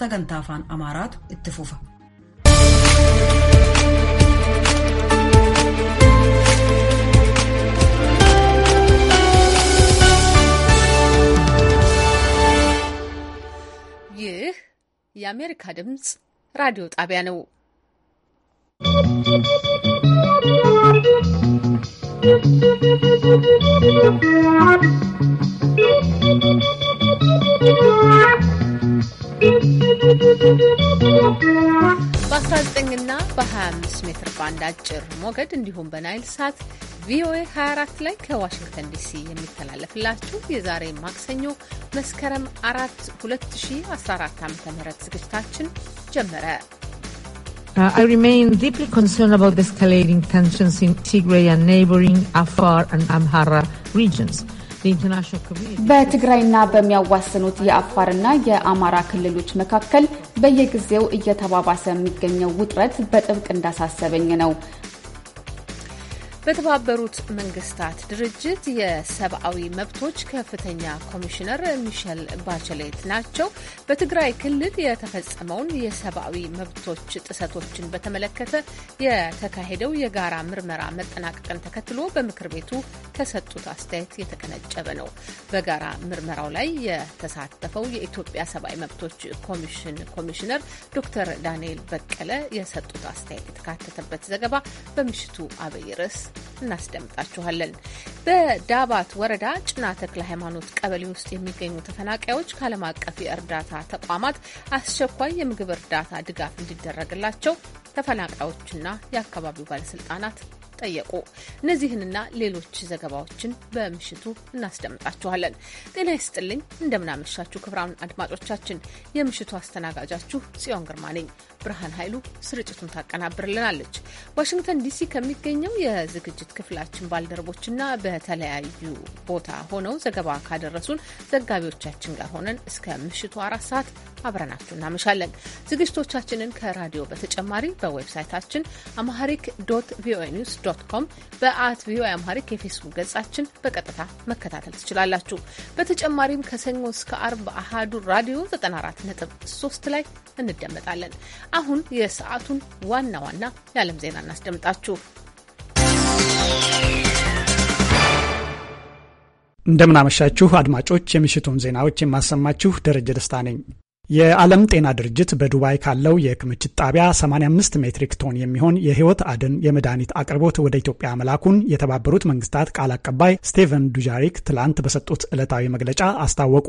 ሰገንታ አማራት እትፉፈ ይህ የአሜሪካ ድምፅ ራዲዮ ጣቢያ ነው። ¶¶ በ19 እና በ25 ሜትር ባንድ አጭር ሞገድ እንዲሁም በናይል ሳት ቪኦኤ 24 ላይ ከዋሽንግተን ዲሲ የሚተላለፍላችሁ የዛሬ ማክሰኞ መስከረም 4 2014 ዓ ም ዝግጅታችን ጀመረ። I remain deeply concerned about the escalating tensions in Tigray and neighboring Afar and Amhara regions. በትግራይና በሚያዋስኑት የአፋርና የአማራ ክልሎች መካከል በየጊዜው እየተባባሰ የሚገኘው ውጥረት በጥብቅ እንዳሳሰበኝ ነው። በተባበሩት መንግስታት ድርጅት የሰብአዊ መብቶች ከፍተኛ ኮሚሽነር ሚሸል ባቸሌት ናቸው። በትግራይ ክልል የተፈጸመውን የሰብአዊ መብቶች ጥሰቶችን በተመለከተ የተካሄደው የጋራ ምርመራ መጠናቀቅን ተከትሎ በምክር ቤቱ ከሰጡት አስተያየት የተቀነጨበ ነው። በጋራ ምርመራው ላይ የተሳተፈው የኢትዮጵያ ሰብአዊ መብቶች ኮሚሽን ኮሚሽነር ዶክተር ዳንኤል በቀለ የሰጡት አስተያየት የተካተተበት ዘገባ በምሽቱ አብይ ርዕስ እናስደምጣችኋለን። በዳባት ወረዳ ጭና ተክለ ሃይማኖት ቀበሌ ውስጥ የሚገኙ ተፈናቃዮች ከዓለም አቀፍ የእርዳታ ተቋማት አስቸኳይ የምግብ እርዳታ ድጋፍ እንዲደረግላቸው ተፈናቃዮችና የአካባቢው ባለስልጣናት ጠየቁ። እነዚህንና ሌሎች ዘገባዎችን በምሽቱ እናስደምጣችኋለን። ጤና ይስጥልኝ፣ እንደምናመሻችሁ ክብራን አድማጮቻችን። የምሽቱ አስተናጋጃችሁ ጽዮን ግርማ ነኝ። ብርሃን ኃይሉ ስርጭቱን ታቀናብርልናለች። ዋሽንግተን ዲሲ ከሚገኘው የዝግጅት ክፍላችን ባልደረቦችና በተለያዩ ቦታ ሆነው ዘገባ ካደረሱን ዘጋቢዎቻችን ጋር ሆነን እስከ ምሽቱ አራት ሰዓት አብረናችሁ እናመሻለን። ዝግጅቶቻችንን ከራዲዮ በተጨማሪ በዌብሳይታችን አማሃሪክ ዶት ቪኦኤ ኒውስ ዶት ኮም በአት ቪኦኤ አምሃሪክ የፌስቡክ ገጻችን በቀጥታ መከታተል ትችላላችሁ። በተጨማሪም ከሰኞ እስከ አርብ አሃዱ ራዲዮ 94.3 ላይ እንደመጣለን። አሁን የሰዓቱን ዋና ዋና የዓለም ዜና እናስደምጣችሁ። እንደምናመሻችሁ አድማጮች፣ የምሽቱን ዜናዎች የማሰማችሁ ደረጀ ደስታ ነኝ። የዓለም ጤና ድርጅት በዱባይ ካለው የክምችት ጣቢያ 85 ሜትሪክ ቶን የሚሆን የሕይወት አድን የመድኃኒት አቅርቦት ወደ ኢትዮጵያ መላኩን የተባበሩት መንግስታት ቃል አቀባይ ስቴቨን ዱጃሪክ ትላንት በሰጡት ዕለታዊ መግለጫ አስታወቁ።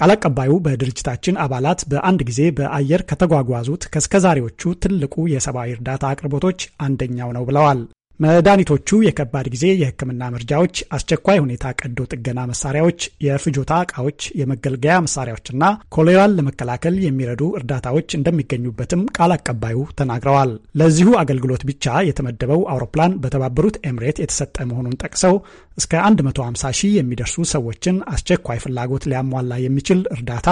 ቃል አቀባዩ በድርጅታችን አባላት በአንድ ጊዜ በአየር ከተጓጓዙት ከእስከዛሬዎቹ ትልቁ የሰብአዊ እርዳታ አቅርቦቶች አንደኛው ነው ብለዋል። መድኃኒቶቹ፣ የከባድ ጊዜ የሕክምና መርጃዎች፣ አስቸኳይ ሁኔታ ቀዶ ጥገና መሳሪያዎች፣ የፍጆታ ዕቃዎች፣ የመገልገያ መሳሪያዎችና ኮሌራን ለመከላከል የሚረዱ እርዳታዎች እንደሚገኙበትም ቃል አቀባዩ ተናግረዋል። ለዚሁ አገልግሎት ብቻ የተመደበው አውሮፕላን በተባበሩት ኤምሬት የተሰጠ መሆኑን ጠቅሰው እስከ 150 ሺህ የሚደርሱ ሰዎችን አስቸኳይ ፍላጎት ሊያሟላ የሚችል እርዳታ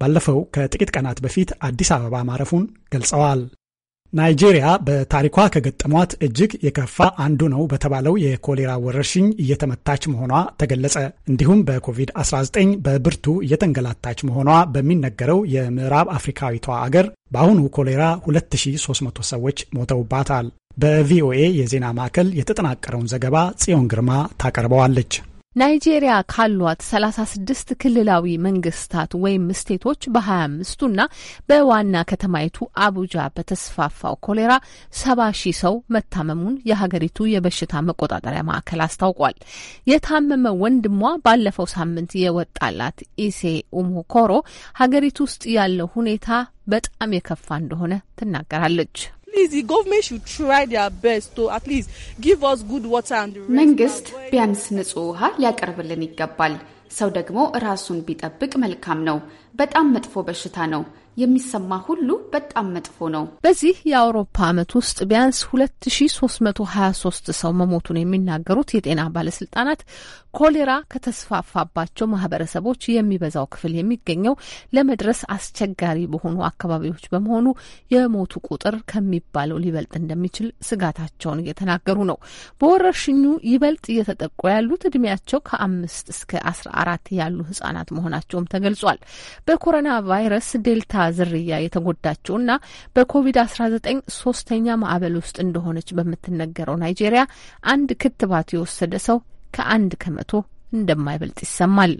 ባለፈው ከጥቂት ቀናት በፊት አዲስ አበባ ማረፉን ገልጸዋል። ናይጄሪያ በታሪኳ ከገጠሟት እጅግ የከፋ አንዱ ነው በተባለው የኮሌራ ወረርሽኝ እየተመታች መሆኗ ተገለጸ። እንዲሁም በኮቪድ-19 በብርቱ እየተንገላታች መሆኗ በሚነገረው የምዕራብ አፍሪካዊቷ አገር በአሁኑ ኮሌራ 2300 ሰዎች ሞተውባታል። በቪኦኤ የዜና ማዕከል የተጠናቀረውን ዘገባ ጽዮን ግርማ ታቀርበዋለች። ናይጄሪያ ካሏት 36 ክልላዊ መንግስታት ወይም ስቴቶች በ25ቱና በዋና ከተማይቱ አቡጃ በተስፋፋው ኮሌራ 70 ሺህ ሰው መታመሙን የሀገሪቱ የበሽታ መቆጣጠሪያ ማዕከል አስታውቋል። የታመመ ወንድሟ ባለፈው ሳምንት የወጣላት ኢሴ ኡሞኮሮ ሀገሪቱ ውስጥ ያለው ሁኔታ በጣም የከፋ እንደሆነ ትናገራለች። መንግስት ቢያንስ ንጹህ ውሃ ሊያቀርብልን ይገባል። ሰው ደግሞ ራሱን ቢጠብቅ መልካም ነው። በጣም መጥፎ በሽታ ነው። የሚሰማ ሁሉ በጣም መጥፎ ነው። በዚህ የአውሮፓ ዓመት ውስጥ ቢያንስ 2323 ሰው መሞቱን የሚናገሩት የጤና ባለስልጣናት ኮሌራ ከተስፋፋባቸው ማህበረሰቦች የሚበዛው ክፍል የሚገኘው ለመድረስ አስቸጋሪ በሆኑ አካባቢዎች በመሆኑ የሞቱ ቁጥር ከሚባለው ሊበልጥ እንደሚችል ስጋታቸውን እየተናገሩ ነው። በወረርሽኙ ይበልጥ እየተጠቁ ያሉት እድሜያቸው ከአምስት እስከ አስራ አራት ያሉ ህጻናት መሆናቸውም ተገልጿል። በኮሮና ቫይረስ ዴልታ ዝርያ እና በኮቪድ-19 ሶስተኛ ማዕበል ውስጥ እንደሆነች በምትነገረው ናይጄሪያ አንድ ክትባት የወሰደ ሰው ከአንድ ከመቶ እንደማይበልጥ ይሰማል።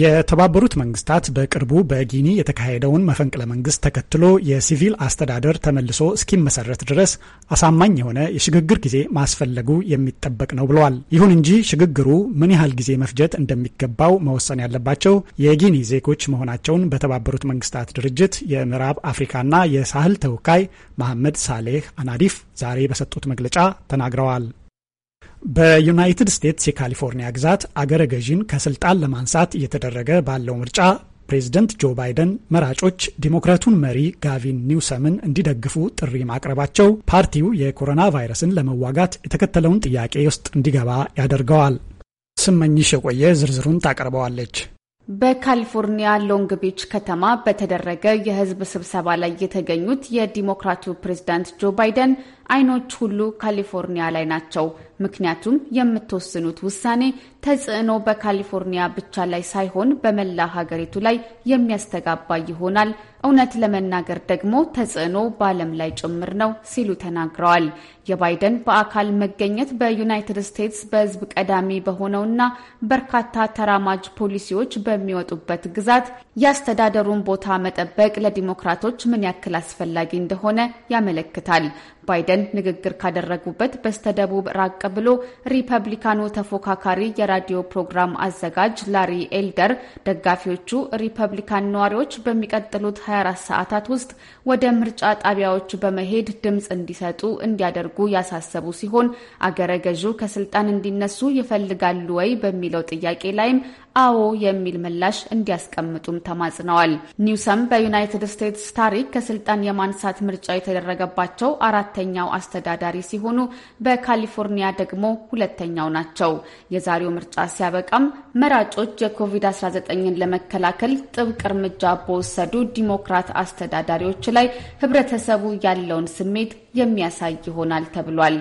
የተባበሩት መንግስታት በቅርቡ በጊኒ የተካሄደውን መፈንቅለ መንግስት ተከትሎ የሲቪል አስተዳደር ተመልሶ እስኪመሰረት ድረስ አሳማኝ የሆነ የሽግግር ጊዜ ማስፈለጉ የሚጠበቅ ነው ብለዋል። ይሁን እንጂ ሽግግሩ ምን ያህል ጊዜ መፍጀት እንደሚገባው መወሰን ያለባቸው የጊኒ ዜጎች መሆናቸውን በተባበሩት መንግስታት ድርጅት የምዕራብ አፍሪካና የሳህል ተወካይ መሐመድ ሳሌህ አናዲፍ ዛሬ በሰጡት መግለጫ ተናግረዋል። በዩናይትድ ስቴትስ የካሊፎርኒያ ግዛት አገረ ገዢን ከስልጣን ለማንሳት እየተደረገ ባለው ምርጫ ፕሬዚደንት ጆ ባይደን መራጮች ዲሞክራቱን መሪ ጋቪን ኒውሰምን እንዲደግፉ ጥሪ ማቅረባቸው ፓርቲው የኮሮና ቫይረስን ለመዋጋት የተከተለውን ጥያቄ ውስጥ እንዲገባ ያደርገዋል። ስመኝሽ የቆየ ዝርዝሩን ታቀርበዋለች። በካሊፎርኒያ ሎንግ ቢች ከተማ በተደረገ የሕዝብ ስብሰባ ላይ የተገኙት የዲሞክራቱ ፕሬዚዳንት ጆ ባይደን አይኖች ሁሉ ካሊፎርኒያ ላይ ናቸው። ምክንያቱም የምትወስኑት ውሳኔ ተጽዕኖ በካሊፎርኒያ ብቻ ላይ ሳይሆን በመላ ሀገሪቱ ላይ የሚያስተጋባ ይሆናል። እውነት ለመናገር ደግሞ ተጽዕኖ በዓለም ላይ ጭምር ነው ሲሉ ተናግረዋል። የባይደን በአካል መገኘት በዩናይትድ ስቴትስ በሕዝብ ቀዳሚ በሆነውና በርካታ ተራማጅ ፖሊሲዎች በሚወጡበት ግዛት የአስተዳደሩን ቦታ መጠበቅ ለዲሞክራቶች ምን ያክል አስፈላጊ እንደሆነ ያመለክታል። ባይደን ንግግር ካደረጉበት በስተደቡብ ራቅ ብሎ ሪፐብሊካኑ ተፎካካሪ የራዲዮ ፕሮግራም አዘጋጅ ላሪ ኤልደር ደጋፊዎቹ ሪፐብሊካን ነዋሪዎች በሚቀጥሉት 24 ሰዓታት ውስጥ ወደ ምርጫ ጣቢያዎች በመሄድ ድምፅ እንዲሰጡ እንዲያደርጉ ያሳሰቡ ሲሆን አገረ ገዢው ከስልጣን እንዲነሱ ይፈልጋሉ ወይ በሚለው ጥያቄ ላይም አዎ የሚል ምላሽ እንዲያስቀምጡም ተማጽነዋል። ኒውሰም በዩናይትድ ስቴትስ ታሪክ ከስልጣን የማንሳት ምርጫ የተደረገባቸው አራተኛው አስተዳዳሪ ሲሆኑ በካሊፎርኒያ ደግሞ ሁለተኛው ናቸው። የዛሬው ምርጫ ሲያበቃም መራጮች የኮቪድ-19ን ለመከላከል ጥብቅ እርምጃ በወሰዱ ዲሞክራት አስተዳዳሪዎች ላይ ህብረተሰቡ ያለውን ስሜት የሚያሳይ ይሆናል ተብሏል።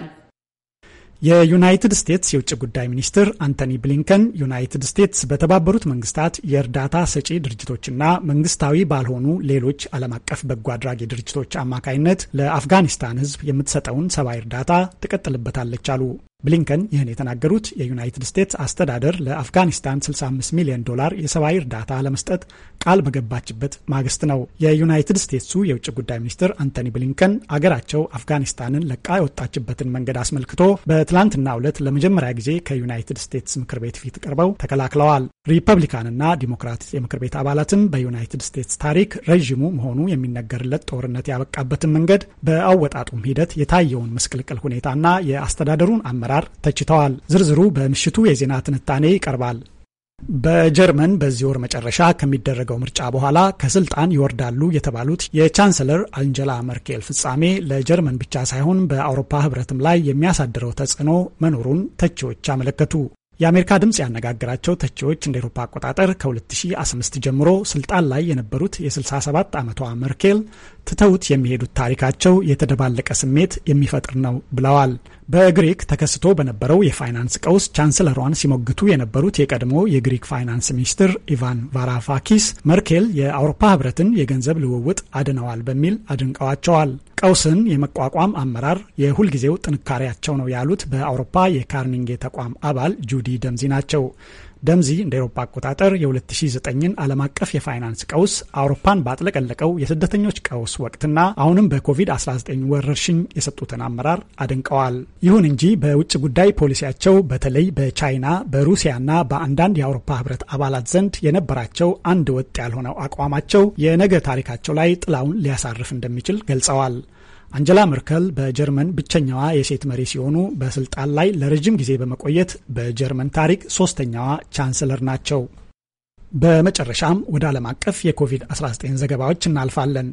የዩናይትድ ስቴትስ የውጭ ጉዳይ ሚኒስትር አንቶኒ ብሊንከን ዩናይትድ ስቴትስ በተባበሩት መንግስታት የእርዳታ ሰጪ ድርጅቶችና መንግስታዊ ባልሆኑ ሌሎች ዓለም አቀፍ በጎ አድራጊ ድርጅቶች አማካይነት ለአፍጋኒስታን ሕዝብ የምትሰጠውን ሰብአዊ እርዳታ ትቀጥልበታለች አሉ። ብሊንከን ይህን የተናገሩት የዩናይትድ ስቴትስ አስተዳደር ለአፍጋኒስታን 65 ሚሊዮን ዶላር የሰብአዊ እርዳታ ለመስጠት ቃል በገባችበት ማግስት ነው። የዩናይትድ ስቴትሱ የውጭ ጉዳይ ሚኒስትር አንቶኒ ብሊንከን አገራቸው አፍጋኒስታንን ለቃ የወጣችበትን መንገድ አስመልክቶ በትላንትናው ዕለት ለመጀመሪያ ጊዜ ከዩናይትድ ስቴትስ ምክር ቤት ፊት ቀርበው ተከላክለዋል። ሪፐብሊካንና ዲሞክራት የምክር ቤት አባላትም በዩናይትድ ስቴትስ ታሪክ ረዥሙ መሆኑ የሚነገርለት ጦርነት ያበቃበትን መንገድ፣ በአወጣጡም ሂደት የታየውን ምስቅልቅል ሁኔታና የአስተዳደሩን አመ አመራር ተችተዋል። ዝርዝሩ በምሽቱ የዜና ትንታኔ ይቀርባል። በጀርመን በዚህ ወር መጨረሻ ከሚደረገው ምርጫ በኋላ ከስልጣን ይወርዳሉ የተባሉት የቻንሰለር አንጀላ መርኬል ፍጻሜ ለጀርመን ብቻ ሳይሆን በአውሮፓ ሕብረትም ላይ የሚያሳድረው ተጽዕኖ መኖሩን ተቺዎች አመለከቱ። የአሜሪካ ድምፅ ያነጋገራቸው ተቺዎች እንደ ኤሮፓ አቆጣጠር ከ2015 ጀምሮ ስልጣን ላይ የነበሩት የ67 ዓመቷ መርኬል ትተውት የሚሄዱት ታሪካቸው የተደባለቀ ስሜት የሚፈጥር ነው ብለዋል። በግሪክ ተከስቶ በነበረው የፋይናንስ ቀውስ ቻንስለሯን ሲሞግቱ የነበሩት የቀድሞ የግሪክ ፋይናንስ ሚኒስትር ኢቫን ቫራፋኪስ መርኬል የአውሮፓ ህብረትን የገንዘብ ልውውጥ አድነዋል በሚል አድንቀዋቸዋል። ቀውስን የመቋቋም አመራር የሁልጊዜው ጥንካሬያቸው ነው ያሉት በአውሮፓ የካርኒንጌ ተቋም አባል ጁዲ ደምዚ ናቸው። ደምዚ እንደ ኤሮፓ አቆጣጠር የ2009ን ዓለም አቀፍ የፋይናንስ ቀውስ አውሮፓን ባጥለቀለቀው የስደተኞች ቀውስ ወቅትና አሁንም በኮቪድ-19 ወረርሽኝ የሰጡትን አመራር አድንቀዋል። ይሁን እንጂ በውጭ ጉዳይ ፖሊሲያቸው በተለይ በቻይና በሩሲያና በአንዳንድ የአውሮፓ ህብረት አባላት ዘንድ የነበራቸው አንድ ወጥ ያልሆነው አቋማቸው የነገ ታሪካቸው ላይ ጥላውን ሊያሳርፍ እንደሚችል ገልጸዋል። አንጀላ መርከል በጀርመን ብቸኛዋ የሴት መሪ ሲሆኑ በስልጣን ላይ ለረጅም ጊዜ በመቆየት በጀርመን ታሪክ ሶስተኛዋ ቻንስለር ናቸው። በመጨረሻም ወደ ዓለም አቀፍ የኮቪድ-19 ዘገባዎች እናልፋለን።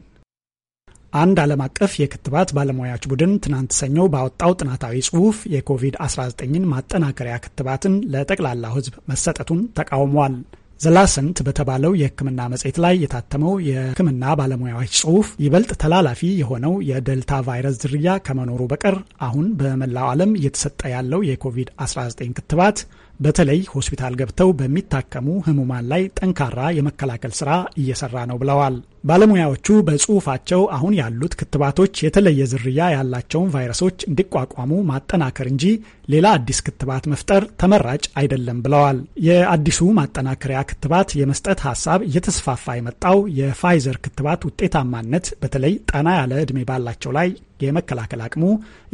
አንድ ዓለም አቀፍ የክትባት ባለሙያዎች ቡድን ትናንት ሰኞ ባወጣው ጥናታዊ ጽሑፍ የኮቪድ-19ን ማጠናከሪያ ክትባትን ለጠቅላላው ሕዝብ መሰጠቱን ተቃውሟል። ዘላሰንት በተባለው የሕክምና መጽሔት ላይ የታተመው የሕክምና ባለሙያዎች ጽሑፍ ይበልጥ ተላላፊ የሆነው የደልታ ቫይረስ ዝርያ ከመኖሩ በቀር አሁን በመላው ዓለም እየተሰጠ ያለው የኮቪድ-19 ክትባት በተለይ ሆስፒታል ገብተው በሚታከሙ ህሙማን ላይ ጠንካራ የመከላከል ስራ እየሰራ ነው ብለዋል። ባለሙያዎቹ በጽሁፋቸው አሁን ያሉት ክትባቶች የተለየ ዝርያ ያላቸውን ቫይረሶች እንዲቋቋሙ ማጠናከር እንጂ ሌላ አዲስ ክትባት መፍጠር ተመራጭ አይደለም ብለዋል። የአዲሱ ማጠናከሪያ ክትባት የመስጠት ሀሳብ እየተስፋፋ የመጣው የፋይዘር ክትባት ውጤታማነት በተለይ ጠና ያለ ዕድሜ ባላቸው ላይ የመከላከል አቅሙ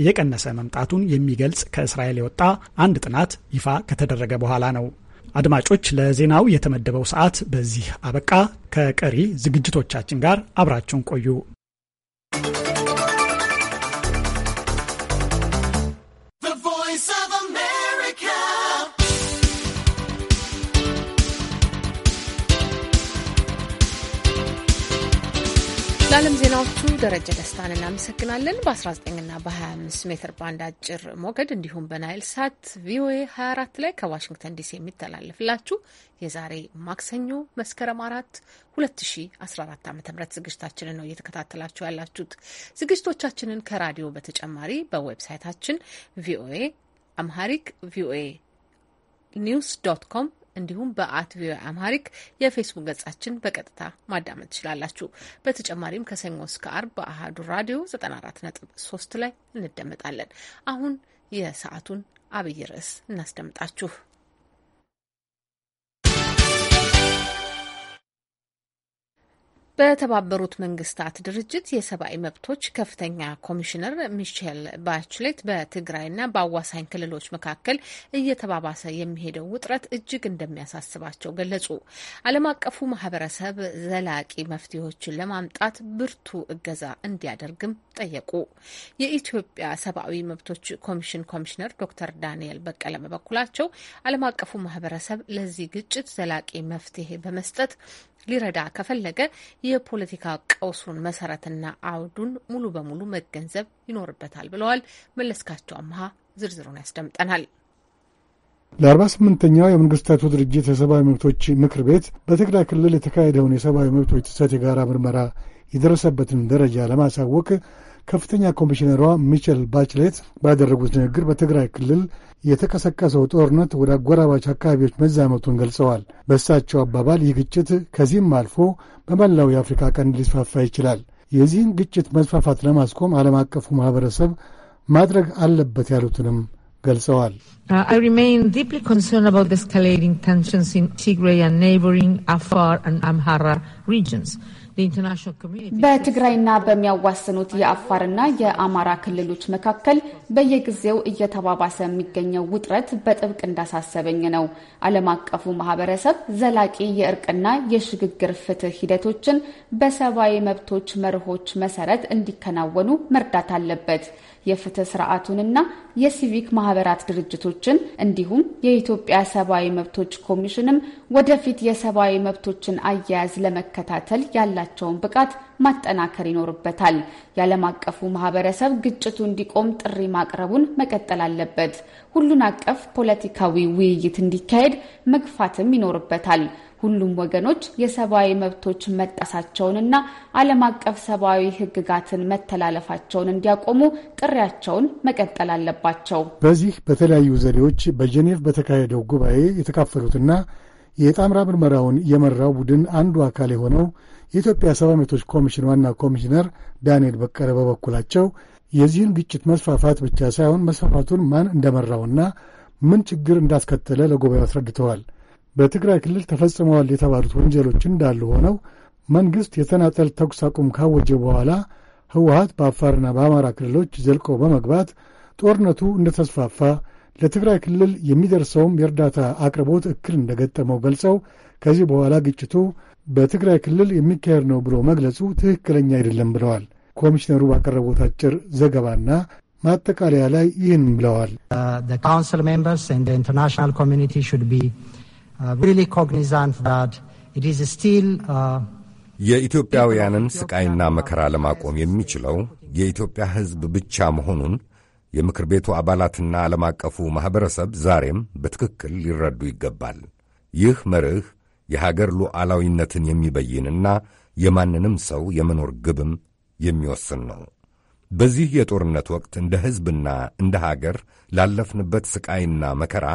እየቀነሰ መምጣቱን የሚገልጽ ከእስራኤል የወጣ አንድ ጥናት ይፋ ከተደረገ በኋላ ነው። አድማጮች፣ ለዜናው የተመደበው ሰዓት በዚህ አበቃ። ከቀሪ ዝግጅቶቻችን ጋር አብራችሁን ቆዩ። ለዓለም ዜናዎቹ ደረጀ ደስታን እናመሰግናለን። በ19ና በ25 ሜትር ባንድ አጭር ሞገድ እንዲሁም በናይል ሳት ቪኦኤ 24 ላይ ከዋሽንግተን ዲሲ የሚተላለፍላችሁ የዛሬ ማክሰኞ መስከረም አራት 2014 ዓ ም ዝግጅታችንን ነው እየተከታተላችሁ ያላችሁት። ዝግጅቶቻችንን ከራዲዮ በተጨማሪ በዌብሳይታችን ቪኦኤ አምሃሪክ ቪኦኤ ኒውስ ዶት ኮም እንዲሁም በአት ቪኦኤ አምሃሪክ የፌስቡክ ገጻችን በቀጥታ ማዳመጥ ትችላላችሁ። በተጨማሪም ከሰኞ እስከ አርብ በአህዱ ራዲዮ 94.3 ላይ እንደመጣለን። አሁን የሰዓቱን አብይ ርዕስ እናስደምጣችሁ። በተባበሩት መንግስታት ድርጅት የሰብአዊ መብቶች ከፍተኛ ኮሚሽነር ሚሼል ባችሌት በትግራይና በአዋሳኝ ክልሎች መካከል እየተባባሰ የሚሄደው ውጥረት እጅግ እንደሚያሳስባቸው ገለጹ። ዓለም አቀፉ ማህበረሰብ ዘላቂ መፍትሄዎችን ለማምጣት ብርቱ እገዛ እንዲያደርግም ጠየቁ። የኢትዮጵያ ሰብአዊ መብቶች ኮሚሽን ኮሚሽነር ዶክተር ዳንኤል በቀለ በበኩላቸው ዓለም አቀፉ ማህበረሰብ ለዚህ ግጭት ዘላቂ መፍትሄ በመስጠት ሊረዳ ከፈለገ የፖለቲካ ቀውሱን መሰረትና አውዱን ሙሉ በሙሉ መገንዘብ ይኖርበታል ብለዋል። መለስካቸው አምሃ ዝርዝሩን ያስደምጠናል። ለአርባ ስምንተኛው የመንግስታቱ ድርጅት የሰብአዊ መብቶች ምክር ቤት በትግራይ ክልል የተካሄደውን የሰብአዊ መብቶች ጥሰት የጋራ ምርመራ የደረሰበትን ደረጃ ለማሳወቅ ከፍተኛ ኮሚሽነሯ ሚቸል ባችሌት ባደረጉት ንግግር በትግራይ ክልል የተቀሰቀሰው ጦርነት ወደ አጎራባች አካባቢዎች መዛመቱን ገልጸዋል። በእሳቸው አባባል ይህ ግጭት ከዚህም አልፎ በመላው የአፍሪካ ቀንድ ሊስፋፋ ይችላል። የዚህን ግጭት መስፋፋት ለማስቆም ዓለም አቀፉ ማህበረሰብ ማድረግ አለበት ያሉትንም ገልጸዋል። uh, በትግራይና በሚያዋስኑት የአፋርና የአማራ ክልሎች መካከል በየጊዜው እየተባባሰ የሚገኘው ውጥረት በጥብቅ እንዳሳሰበኝ ነው። ዓለም አቀፉ ማህበረሰብ ዘላቂ የእርቅና የሽግግር ፍትህ ሂደቶችን በሰብአዊ መብቶች መርሆች መሰረት እንዲከናወኑ መርዳት አለበት። የፍትህ ስርዓቱንና የሲቪክ ማህበራት ድርጅቶችን እንዲሁም የኢትዮጵያ ሰብአዊ መብቶች ኮሚሽንም ወደፊት የሰብአዊ መብቶችን አያያዝ ለመከታተል ያላቸውን ብቃት ማጠናከር ይኖርበታል። የዓለም አቀፉ ማህበረሰብ ግጭቱ እንዲቆም ጥሪ ማቅረቡን መቀጠል አለበት። ሁሉን አቀፍ ፖለቲካዊ ውይይት እንዲካሄድ መግፋትም ይኖርበታል። ሁሉም ወገኖች የሰብአዊ መብቶች መጣሳቸውንና ዓለም አቀፍ ሰብአዊ ህግጋትን መተላለፋቸውን እንዲያቆሙ ጥሪያቸውን መቀጠል አለባቸው። በዚህ በተለያዩ ዘዴዎች በጄኔቭ በተካሄደው ጉባኤ የተካፈሉትና የጣምራ ምርመራውን የመራው ቡድን አንዱ አካል የሆነው የኢትዮጵያ ሰብአዊ መብቶች ኮሚሽን ዋና ኮሚሽነር ዳንኤል በቀለ በበኩላቸው የዚህን ግጭት መስፋፋት ብቻ ሳይሆን መስፋፋቱን ማን እንደመራውና ምን ችግር እንዳስከተለ ለጉባኤው አስረድተዋል። በትግራይ ክልል ተፈጽመዋል የተባሉት ወንጀሎች እንዳሉ ሆነው መንግሥት የተናጠል ተኩስ አቁም ካወጀ በኋላ ህወሀት በአፋርና በአማራ ክልሎች ዘልቆ በመግባት ጦርነቱ እንደተስፋፋ ለትግራይ ክልል የሚደርሰውም የእርዳታ አቅርቦት እክል እንደገጠመው ገልጸው ከዚህ በኋላ ግጭቱ በትግራይ ክልል የሚካሄድ ነው ብሎ መግለጹ ትክክለኛ አይደለም ብለዋል። ኮሚሽነሩ ባቀረቡት አጭር ዘገባና ማጠቃለያ ላይ ይህን ብለዋል። uh, Uh, uh, የኢትዮጵያውያንን ስቃይና መከራ ለማቆም የሚችለው የኢትዮጵያ ሕዝብ ብቻ መሆኑን የምክር ቤቱ አባላትና ዓለም አቀፉ ማኅበረሰብ ዛሬም በትክክል ሊረዱ ይገባል። ይህ መርህ የሀገር ሉዓላዊነትን የሚበይንና የማንንም ሰው የመኖር ግብም የሚወስን ነው። በዚህ የጦርነት ወቅት እንደ ሕዝብና እንደ ሀገር ላለፍንበት ስቃይና መከራ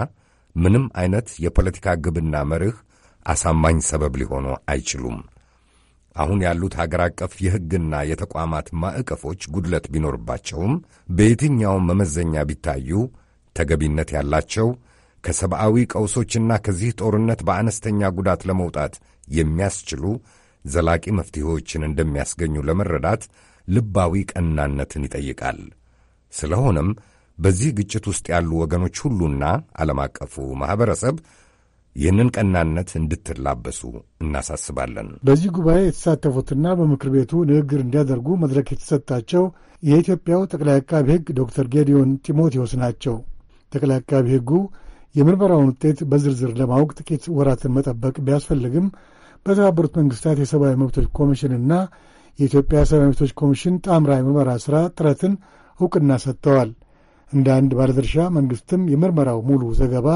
ምንም አይነት የፖለቲካ ግብና መርህ አሳማኝ ሰበብ ሊሆኑ አይችሉም። አሁን ያሉት ሀገር አቀፍ የሕግና የተቋማት ማዕቀፎች ጉድለት ቢኖርባቸውም በየትኛውም መመዘኛ ቢታዩ ተገቢነት ያላቸው ከሰብአዊ ቀውሶችና ከዚህ ጦርነት በአነስተኛ ጉዳት ለመውጣት የሚያስችሉ ዘላቂ መፍትሄዎችን እንደሚያስገኙ ለመረዳት ልባዊ ቀናነትን ይጠይቃል። ስለሆነም በዚህ ግጭት ውስጥ ያሉ ወገኖች ሁሉና ዓለም አቀፉ ማኅበረሰብ ይህንን ቀናነት እንድትላበሱ እናሳስባለን። በዚህ ጉባኤ የተሳተፉትና በምክር ቤቱ ንግግር እንዲያደርጉ መድረክ የተሰጣቸው የኢትዮጵያው ጠቅላይ አቃቢ ሕግ ዶክተር ጌዲዮን ጢሞቴዎስ ናቸው። ጠቅላይ አቃቢ ሕጉ የምርመራውን ውጤት በዝርዝር ለማወቅ ጥቂት ወራትን መጠበቅ ቢያስፈልግም በተባበሩት መንግስታት የሰብአዊ መብቶች ኮሚሽንና የኢትዮጵያ ሰብአዊ መብቶች ኮሚሽን ጣምራ የምርመራ ሥራ ጥረትን እውቅና ሰጥተዋል። እንደ አንድ ባለድርሻ መንግሥትም የምርመራው ሙሉ ዘገባ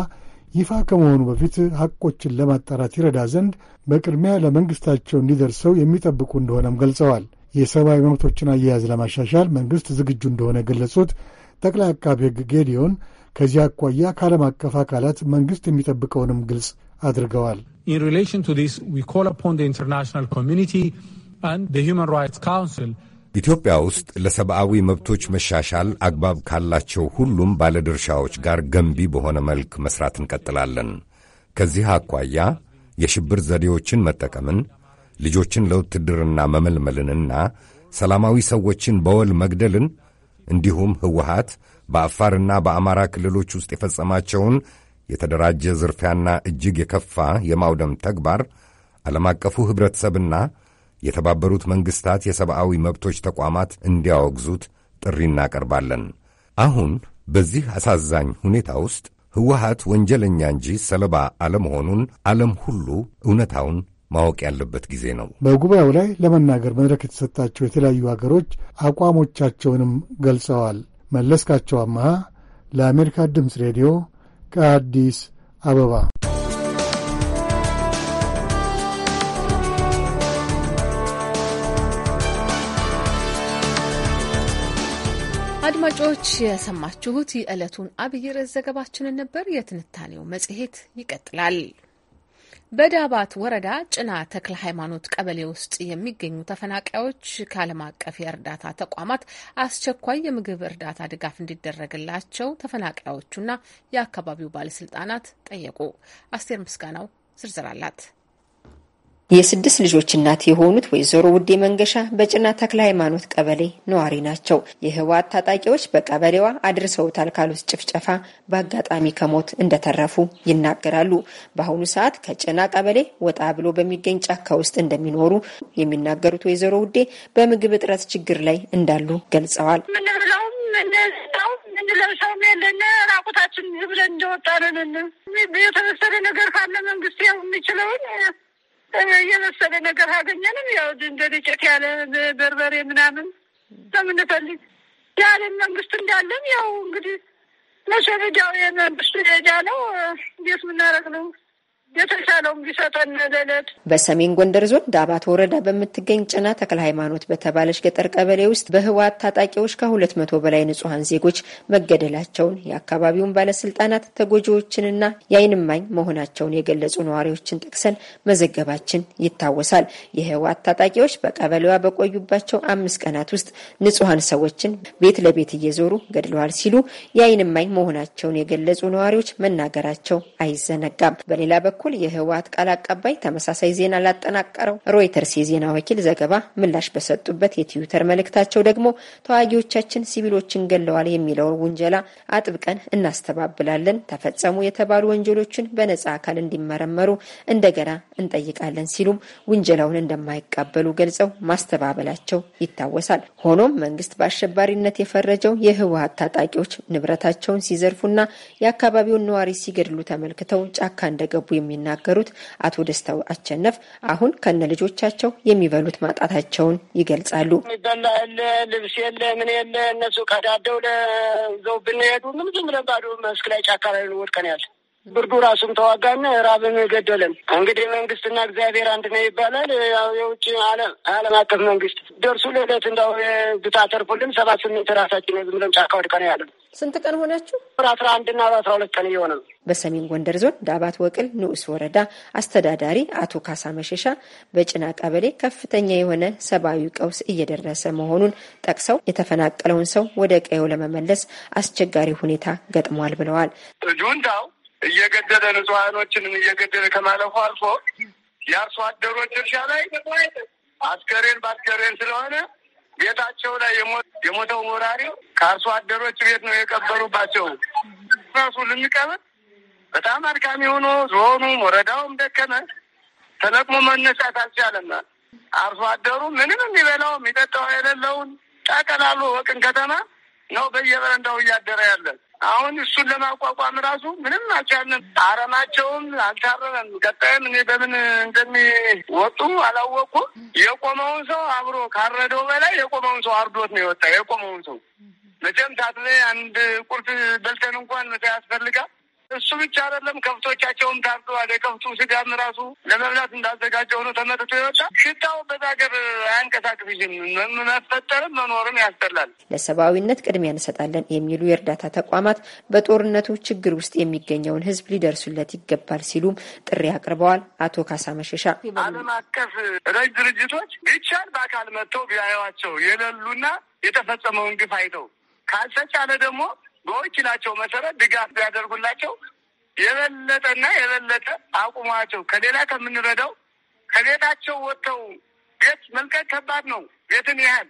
ይፋ ከመሆኑ በፊት ሐቆችን ለማጣራት ይረዳ ዘንድ በቅድሚያ ለመንግሥታቸው እንዲደርሰው የሚጠብቁ እንደሆነም ገልጸዋል። የሰብአዊ መብቶችን አያያዝ ለማሻሻል መንግሥት ዝግጁ እንደሆነ የገለጹት ጠቅላይ አቃቢ ሕግ ጌዲዮን ከዚህ አኳያ ከዓለም አቀፍ አካላት መንግሥት የሚጠብቀውንም ግልጽ አድርገዋል። ኢን ሪሌሽን ቱ ዲስ ዊ ኮል አፖን ኢንተርናሽናል ኮሚኒቲ አንድ ዘ ራይትስ ካውንስል ኢትዮጵያ ውስጥ ለሰብአዊ መብቶች መሻሻል አግባብ ካላቸው ሁሉም ባለድርሻዎች ጋር ገንቢ በሆነ መልክ መስራት እንቀጥላለን። ከዚህ አኳያ የሽብር ዘዴዎችን መጠቀምን፣ ልጆችን ለውትድርና መመልመልንና ሰላማዊ ሰዎችን በወል መግደልን እንዲሁም ህወሀት በአፋርና በአማራ ክልሎች ውስጥ የፈጸማቸውን የተደራጀ ዝርፊያና እጅግ የከፋ የማውደም ተግባር ዓለም አቀፉ ኅብረተሰብና የተባበሩት መንግሥታት የሰብአዊ መብቶች ተቋማት እንዲያወግዙት ጥሪ እናቀርባለን። አሁን በዚህ አሳዛኝ ሁኔታ ውስጥ ህወሀት ወንጀለኛ እንጂ ሰለባ አለመሆኑን ዓለም ሁሉ እውነታውን ማወቅ ያለበት ጊዜ ነው። በጉባኤው ላይ ለመናገር መድረክ የተሰጣቸው የተለያዩ አገሮች አቋሞቻቸውንም ገልጸዋል። መለስካቸው አመሃ ለአሜሪካ ድምፅ ሬዲዮ ከአዲስ አበባ አድማጮች የሰማችሁት የዕለቱን አብይ ርዕስ ዘገባችንን ነበር። የትንታኔው መጽሔት ይቀጥላል። በዳባት ወረዳ ጭና ተክለ ሃይማኖት ቀበሌ ውስጥ የሚገኙ ተፈናቃዮች ከዓለም አቀፍ የእርዳታ ተቋማት አስቸኳይ የምግብ እርዳታ ድጋፍ እንዲደረግላቸው ተፈናቃዮቹና የአካባቢው ባለስልጣናት ጠየቁ። አስቴር ምስጋናው ዝርዝር አላት። የስድስት ልጆች እናት የሆኑት ወይዘሮ ውዴ መንገሻ በጭና ተክለ ሃይማኖት ቀበሌ ነዋሪ ናቸው። የህወሓት ታጣቂዎች በቀበሌዋ አድርሰውታል ካሉት ጭፍጨፋ በአጋጣሚ ከሞት እንደተረፉ ይናገራሉ። በአሁኑ ሰዓት ከጭና ቀበሌ ወጣ ብሎ በሚገኝ ጫካ ውስጥ እንደሚኖሩ የሚናገሩት ወይዘሮ ውዴ በምግብ እጥረት ችግር ላይ እንዳሉ ገልጸዋል። ምንለብሰውም የለን ራቁታችን ብለን እንደወጣ ነን። ነገር ካለ መንግስት ያው የሚችለውን የመሰለ ነገር አገኘንም። ያው እንደ ዱቄት ያለ በርበሬ ምናምን በምንፈልግ ያለን መንግስት እንዳለን ያው እንግዲህ መሸረጃው የመንግስቱ ሄጃ ነው። እንዴት ምናረግ ነው? የተሻለውም ቢሰጠን ለዕለት በሰሜን ጎንደር ዞን ዳባት ወረዳ በምትገኝ ጭና ተክለ ሃይማኖት በተባለች ገጠር ቀበሌ ውስጥ በህወሓት ታጣቂዎች ከሁለት መቶ በላይ ንጹሐን ዜጎች መገደላቸውን የአካባቢውን ባለስልጣናት ተጎጂዎችንና የአይንማኝ መሆናቸውን የገለጹ ነዋሪዎችን ጠቅሰን መዘገባችን ይታወሳል። የህወሓት ታጣቂዎች በቀበሌዋ በቆዩባቸው አምስት ቀናት ውስጥ ንጹሐን ሰዎችን ቤት ለቤት እየዞሩ ገድለዋል ሲሉ የአይንማኝ መሆናቸውን የገለጹ ነዋሪዎች መናገራቸው አይዘነጋም። በሌላ በኩል በኩል የህወሀት ቃል አቀባይ ተመሳሳይ ዜና ላጠናቀረው ሮይተርስ የዜና ወኪል ዘገባ ምላሽ በሰጡበት የትዊተር መልእክታቸው ደግሞ ተዋጊዎቻችን ሲቪሎችን ገለዋል የሚለውን ውንጀላ አጥብቀን እናስተባብላለን፣ ተፈጸሙ የተባሉ ወንጀሎችን በነጻ አካል እንዲመረመሩ እንደገና እንጠይቃለን ሲሉም ውንጀላውን እንደማይቀበሉ ገልጸው ማስተባበላቸው ይታወሳል። ሆኖም መንግስት በአሸባሪነት የፈረጀው የህወሀት ታጣቂዎች ንብረታቸውን ሲዘርፉና የአካባቢውን ነዋሪ ሲገድሉ ተመልክተው ጫካ እንደገቡ የሚናገሩት አቶ ደስታው አቸነፍ አሁን ከነ ልጆቻቸው የሚበሉት ማጣታቸውን ይገልጻሉ። የሚበላ የለ፣ ልብስ የለ፣ ምን የለ። እነሱ ቀዳደው ለዘው ብንሄዱ ምን ዝም ብለን ባዶ መስክ ላይ ጫካ ላይ ወድቀን ያለ ብርዱ ራሱም ተዋጋና ራብን ገደለን። እንግዲህ መንግስትና እግዚአብሔር አንድ ነው ይባላል። ያው የውጭ ዓለም አቀፍ መንግስት ደርሱ ልዕለት እንዳው ግታ ተርፎልን ሰባት ስምንት ራሳችን ዝም ብለን ጫካ ወድቀን ያለን። ስንት ቀን ሆናችሁ? አስራ አንድና በአስራ ሁለት ቀን እየሆነ ነው። በሰሜን ጎንደር ዞን ዳባት ወቅል ንዑስ ወረዳ አስተዳዳሪ አቶ ካሳ መሸሻ በጭና ቀበሌ ከፍተኛ የሆነ ሰብአዊ ቀውስ እየደረሰ መሆኑን ጠቅሰው የተፈናቀለውን ሰው ወደ ቀየው ለመመለስ አስቸጋሪ ሁኔታ ገጥሟል ብለዋል። ጁንታው እየገደለ ንጹሐኖችንም እየገደለ ከማለፉ አልፎ የአርሶ አደሮች እርሻ ላይ አስከሬን በአስከሬን ስለሆነ ቤታቸው ላይ የሞተው ወራሪ ከአርሶ አደሮች ቤት ነው የቀበሩባቸው። ራሱ ልንቀብር በጣም አድካሚ ሆኖ ዞኑ ወረዳውም ደከመ። ተለቅሞ መነሳት አልቻለና አርሶ አደሩ ምንም የሚበላው የሚጠጣው የሌለውን ጠቀላሉ ወቅን ከተማ ነው በየበረንዳው እያደረ ያለን አሁን እሱን ለማቋቋም ራሱ ምንም አልቻለም። አረማቸውም አልታረመም። ቀጣይም እኔ በምን እንደሚወጡ አላወቁ የቆመውን ሰው አብሮ ካረደው በላይ የቆመውን ሰው አርዶት ነው የወጣ። የቆመውን ሰው መቼም ታትለ አንድ ቁርት በልተን እንኳን መቼ ያስፈልጋል እሱ ብቻ አይደለም፣ ከብቶቻቸውም ታርደዋል። የከብቱ ስጋም ራሱ ለመብላት እንዳዘጋጀ ሆኖ ተመጥቶ ይወጣል። ሽታው በዛገር አያንቀሳቅስም። መፈጠርም መኖርም ያስጠላል። ለሰብአዊነት ቅድሚያ እንሰጣለን የሚሉ የእርዳታ ተቋማት በጦርነቱ ችግር ውስጥ የሚገኘውን ህዝብ ሊደርሱለት ይገባል ሲሉም ጥሪ አቅርበዋል። አቶ ካሳ መሸሻ ዓለም አቀፍ ረጅ ድርጅቶች ይቻል በአካል መጥተው ቢያዩዋቸው የሌሉና የተፈጸመውን ግፍ አይተው ካልተቻለ ደግሞ በወኪላቸው መሰረት ድጋፍ ቢያደርጉላቸው የበለጠና የበለጠ አቁሟቸው ከሌላ ከምንረዳው ከቤታቸው ወጥተው ቤት መልቀቅ ከባድ ነው። ቤትን ያህል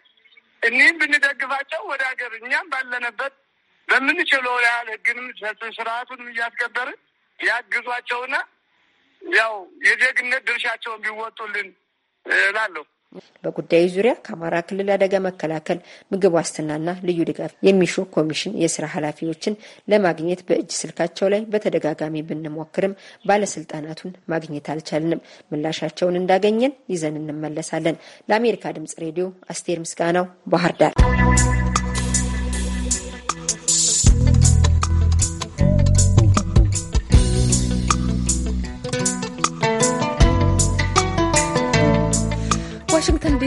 እኒህም ብንደግፋቸው ወደ ሀገር እኛም ባለንበት በምንችለው ያህል ህግንም ስርዓቱንም እያስከበርን ያግዟቸውና ያው የዜግነት ድርሻቸውን ቢወጡልን እላለሁ። በጉዳዩ ዙሪያ ከአማራ ክልል አደጋ መከላከል ምግብ ዋስትናና ልዩ ድጋፍ የሚሹ ኮሚሽን የስራ ኃላፊዎችን ለማግኘት በእጅ ስልካቸው ላይ በተደጋጋሚ ብንሞክርም ባለስልጣናቱን ማግኘት አልቻልንም። ምላሻቸውን እንዳገኘን ይዘን እንመለሳለን። ለአሜሪካ ድምጽ ሬዲዮ አስቴር ምስጋናው ባህር ዳር።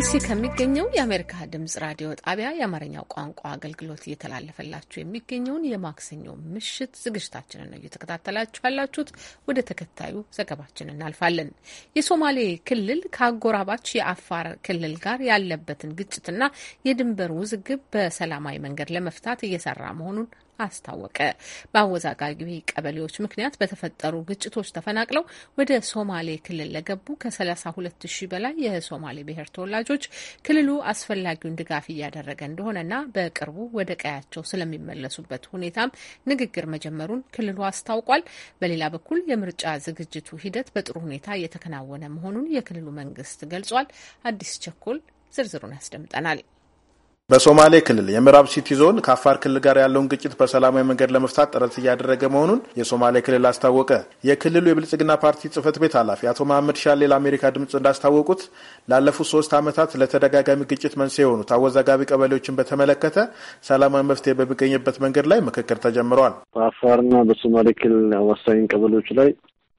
ዲሲ ከሚገኘው የአሜሪካ ድምጽ ራዲዮ ጣቢያ የአማርኛው ቋንቋ አገልግሎት እየተላለፈላችሁ የሚገኘውን የማክሰኞ ምሽት ዝግጅታችንን ነው እየተከታተላችሁ ያላችሁት። ወደ ተከታዩ ዘገባችን እናልፋለን። የሶማሌ ክልል ከአጎራባች የአፋር ክልል ጋር ያለበትን ግጭትና የድንበር ውዝግብ በሰላማዊ መንገድ ለመፍታት እየሰራ መሆኑን አስታወቀ። በአወዛጋቢ ቀበሌዎች ምክንያት በተፈጠሩ ግጭቶች ተፈናቅለው ወደ ሶማሌ ክልል ለገቡ ከ32 ሺ በላይ የሶማሌ ብሔር ተወላጆች ክልሉ አስፈላጊውን ድጋፍ እያደረገ እንደሆነና በቅርቡ ወደ ቀያቸው ስለሚመለሱበት ሁኔታም ንግግር መጀመሩን ክልሉ አስታውቋል። በሌላ በኩል የምርጫ ዝግጅቱ ሂደት በጥሩ ሁኔታ እየተከናወነ መሆኑን የክልሉ መንግስት ገልጿል። አዲስ ቸኮል ዝርዝሩን ያስደምጠናል። በሶማሌ ክልል የምዕራብ ሲቲ ዞን ከአፋር ክልል ጋር ያለውን ግጭት በሰላማዊ መንገድ ለመፍታት ጥረት እያደረገ መሆኑን የሶማሌ ክልል አስታወቀ። የክልሉ የብልጽግና ፓርቲ ጽህፈት ቤት ኃላፊ አቶ መሀመድ ሻሌ ለአሜሪካ ድምፅ እንዳስታወቁት ላለፉት ሶስት ዓመታት ለተደጋጋሚ ግጭት መንስኤ የሆኑት አወዛጋቢ ቀበሌዎችን በተመለከተ ሰላማዊ መፍትሄ በሚገኝበት መንገድ ላይ ምክክር ተጀምረዋል። በአፋርና በሶማሌ ክልል አዋሳኝ ቀበሌዎች ላይ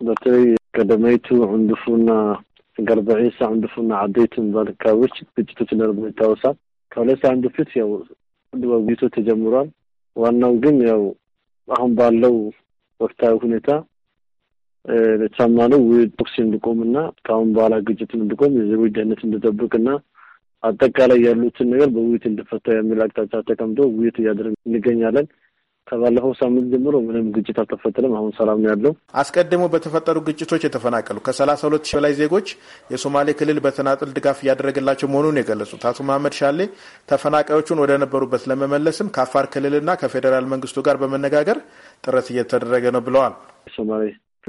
በተለይ ቀደመይቱ ዕንድፉና ገርበዒሳ ዒሳ ዕንድፉና ባልካቦች ግጭቶች እንደነበሩ ይታወሳል። ከሁለት ሳምንት በፊት ያው ውይይቱ ተጀምሯል። ዋናው ግን ያው አሁን ባለው ወቅታዊ ሁኔታ ለቻማ ነው የተሰማነው ተኩስ እንዲቆምና ከአሁን በኋላ ግጭት እንድቆም የዜጎች ደህንነት እንዲጠብቅና አጠቃላይ ያሉትን ነገር በውይይት እንዲፈታ የሚል አቅጣጫ ተቀምጦ ውይይት እያደረግን እንገኛለን። ከባለፈው ሳምንት ጀምሮ ምንም ግጭት አልተፈጠረም። አሁን ሰላም ያለው። አስቀድሞ በተፈጠሩ ግጭቶች የተፈናቀሉ ከሰላሳ ሁለት ሺህ በላይ ዜጎች የሶማሌ ክልል በተናጥል ድጋፍ እያደረገላቸው መሆኑን የገለጹት አቶ መሀመድ ሻሌ ተፈናቃዮቹን ወደ ነበሩበት ለመመለስም ከአፋር ክልልና ከፌዴራል መንግስቱ ጋር በመነጋገር ጥረት እየተደረገ ነው ብለዋል። ሶማሌ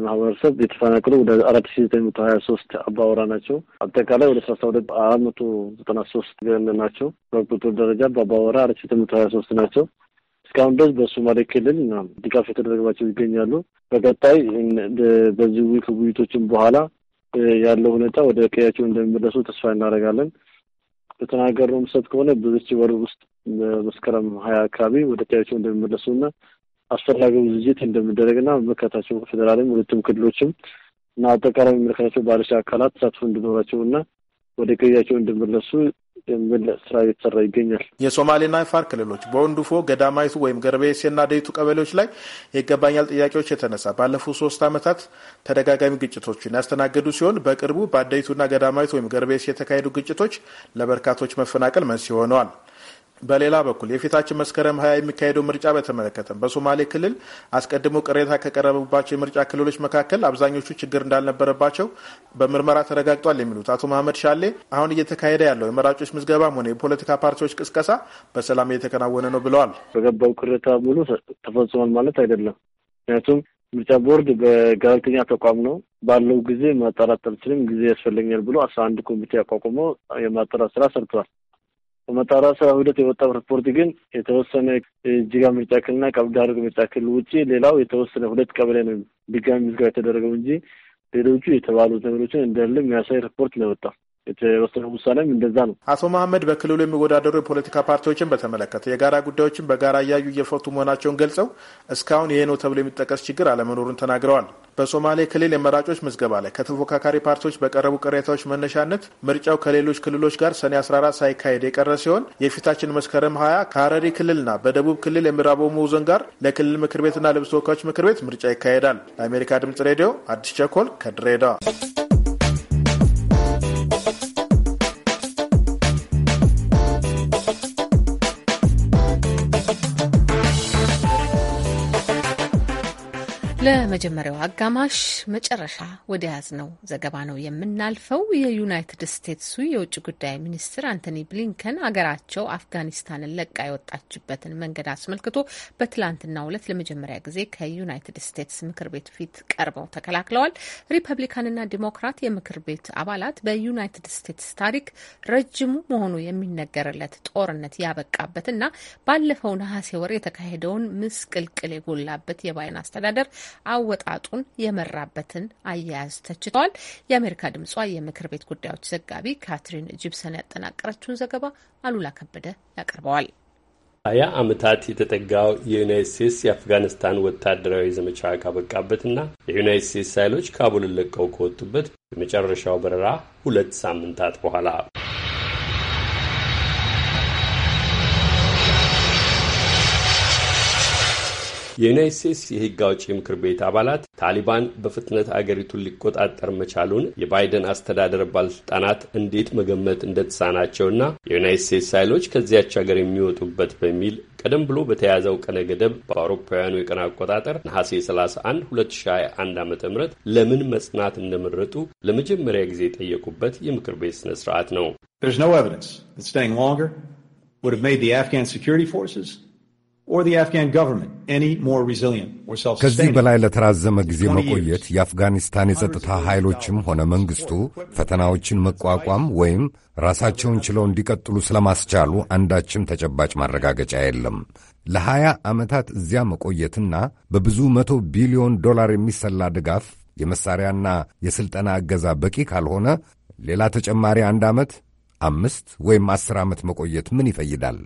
ማህበረሰብ የተፈናቀሉ ወደ አራት ሺ ዘጠኝ መቶ ሀያ ሶስት አባወራ ናቸው። አጠቃላይ ወደ ሰላሳ ሁለት አራት መቶ ዘጠና ሶስት ገለ ናቸው። በቁጥር ደረጃ በአባወራ አራት ሺ ዘጠኝ መቶ ሀያ ሶስት ናቸው። እስካሁን ድረስ በሶማሌ ክልል ድጋፍ የተደረገባቸው ይገኛሉ። በቀጣይ በዚህ ዊ ውይይቶችን በኋላ ያለው ሁኔታ ወደ ቀያቸው እንደሚመለሱ ተስፋ እናደርጋለን። በተናገረው ምሰት ከሆነ በዚች ወር ውስጥ በመስከረም ሀያ አካባቢ ወደ ቀያቸው እንደሚመለሱ እንደሚመለሱና አስፈላጊው ዝግጅት እንደሚደረግና መከታቸው ፌዴራልም ሁለቱም ክልሎችም እና አጠቃላይ የሚመለከታቸው ባለድርሻ አካላት ተሳትፎ እና ወደ ቀያቸው እንደሚመለሱ የሚመለስ ስራ እየተሰራ ይገኛል። የሶማሌና አፋር ክልሎች በወንዱፎ ገዳማይቱ ወይም ገርቤሴና ደይቱ ቀበሌዎች ላይ ይገባኛል ጥያቄዎች የተነሳ ባለፉት ሶስት ዓመታት ተደጋጋሚ ግጭቶችን ያስተናገዱ ሲሆን በቅርቡ በአደይቱና ገዳማይቱ ወይም ገርቤሴ የተካሄዱ ግጭቶች ለበርካቶች መፈናቀል መንስኤ ሆነዋል። በሌላ በኩል የፊታችን መስከረም ሀያ የሚካሄደው ምርጫ በተመለከተም በሶማሌ ክልል አስቀድሞ ቅሬታ ከቀረቡባቸው የምርጫ ክልሎች መካከል አብዛኞቹ ችግር እንዳልነበረባቸው በምርመራ ተረጋግጧል የሚሉት አቶ መሀመድ ሻሌ አሁን እየተካሄደ ያለው የመራጮች ምዝገባም ሆነ የፖለቲካ ፓርቲዎች ቅስቀሳ በሰላም እየተከናወነ ነው ብለዋል። በገባው ቅሬታ ሙሉ ተፈጽሟል ማለት አይደለም። ምክንያቱም ምርጫ ቦርድ በገለልተኛ ተቋም ነው ባለው ጊዜ ማጣራት አልችልም ጊዜ ያስፈልገኛል ብሎ አስራ አንድ ኮሚቴ አቋቁሞ የማጣራት ስራ ሰርተዋል። በመጣራ ስራ ሂደት የወጣው ሪፖርት ግን የተወሰነ እጅጋ ምርጫ ክልልና ቀብድ አድርግ ምርጫ ክልል ውጭ ሌላው የተወሰነ ሁለት ቀበሌ ነው ድጋሚ ምዝገባ የተደረገው እንጂ ሌሎቹ የተባሉ ነገሮችን እንደልም የሚያሳይ ሪፖርት ነው የወጣው። የተወሰነው ውሳኔም እንደዛ ነው። አቶ መሀመድ በክልሉ የሚወዳደሩ የፖለቲካ ፓርቲዎችን በተመለከተ የጋራ ጉዳዮችን በጋራ እያዩ እየፈቱ መሆናቸውን ገልጸው እስካሁን ይሄ ነው ተብሎ የሚጠቀስ ችግር አለመኖሩን ተናግረዋል። በሶማሌ ክልል የመራጮች ምዝገባ ላይ ከተፎካካሪ ፓርቲዎች በቀረቡ ቅሬታዎች መነሻነት ምርጫው ከሌሎች ክልሎች ጋር ሰኔ 14 ሳይካሄድ የቀረ ሲሆን የፊታችን መስከረም 20 ከሀረሪ ክልልና በደቡብ ክልል የምዕራብ ኦሞ ዞን ጋር ለክልል ምክር ቤትና ለብዙ ተወካዮች ምክር ቤት ምርጫ ይካሄዳል። ለአሜሪካ ድምጽ ሬዲዮ አዲስ ቸኮል ከድሬዳዋ ለመጀመሪያው አጋማሽ መጨረሻ ወደ ያዝነው ዘገባ ነው የምናልፈው። የዩናይትድ ስቴትሱ የውጭ ጉዳይ ሚኒስትር አንቶኒ ብሊንከን አገራቸው አፍጋኒስታንን ለቃ የወጣችበትን መንገድ አስመልክቶ በትላንትናው ዕለት ለመጀመሪያ ጊዜ ከዩናይትድ ስቴትስ ምክር ቤት ፊት ቀርበው ተከላክለዋል። ሪፐብሊካንና ዲሞክራት የምክር ቤት አባላት በዩናይትድ ስቴትስ ታሪክ ረጅሙ መሆኑ የሚነገርለት ጦርነት ያበቃበትና ባለፈው ነሐሴ ወር የተካሄደውን ምስቅልቅል የጎላበት የባይን አስተዳደር አወጣጡን የመራበትን አያያዝ ተችተዋል። የአሜሪካ ድምጿ የምክር ቤት ጉዳዮች ዘጋቢ ካትሪን ጂፕሰን ያጠናቀረችውን ዘገባ አሉላ ከበደ ያቀርበዋል። ሀያ ዓመታት የተጠጋው የዩናይት ስቴትስ የአፍጋኒስታን ወታደራዊ ዘመቻ ካበቃበትና የዩናይት ስቴትስ ኃይሎች ካቡልን ለቀው ከወጡበት የመጨረሻው በረራ ሁለት ሳምንታት በኋላ የዩናይት ስቴትስ የህግ አውጪ ምክር ቤት አባላት ታሊባን በፍጥነት አገሪቱን ሊቆጣጠር መቻሉን የባይደን አስተዳደር ባለስልጣናት እንዴት መገመት እንደተሳናቸውና የዩናይት ስቴትስ ኃይሎች ከዚያች ሀገር የሚወጡበት በሚል ቀደም ብሎ በተያዘው ቀነ ገደብ በአውሮፓውያኑ የቀን አቆጣጠር ነሐሴ 31 2021 ዓ ም ለምን መጽናት እንደመረጡ ለመጀመሪያ ጊዜ የጠየቁበት የምክር ቤት ስነ ስርዓት ነው። ከዚህ በላይ ለተራዘመ ጊዜ መቆየት የአፍጋኒስታን የጸጥታ ኃይሎችም ሆነ መንግሥቱ ፈተናዎችን መቋቋም ወይም ራሳቸውን ችለው እንዲቀጥሉ ስለማስቻሉ አንዳችም ተጨባጭ ማረጋገጫ የለም። ለሀያ ዓመታት እዚያ መቆየትና በብዙ መቶ ቢሊዮን ዶላር የሚሰላ ድጋፍ፣ የመሳሪያና የሥልጠና እገዛ በቂ ካልሆነ ሌላ ተጨማሪ አንድ ዓመት፣ አምስት ወይም አስር ዓመት መቆየት ምን ይፈይዳል?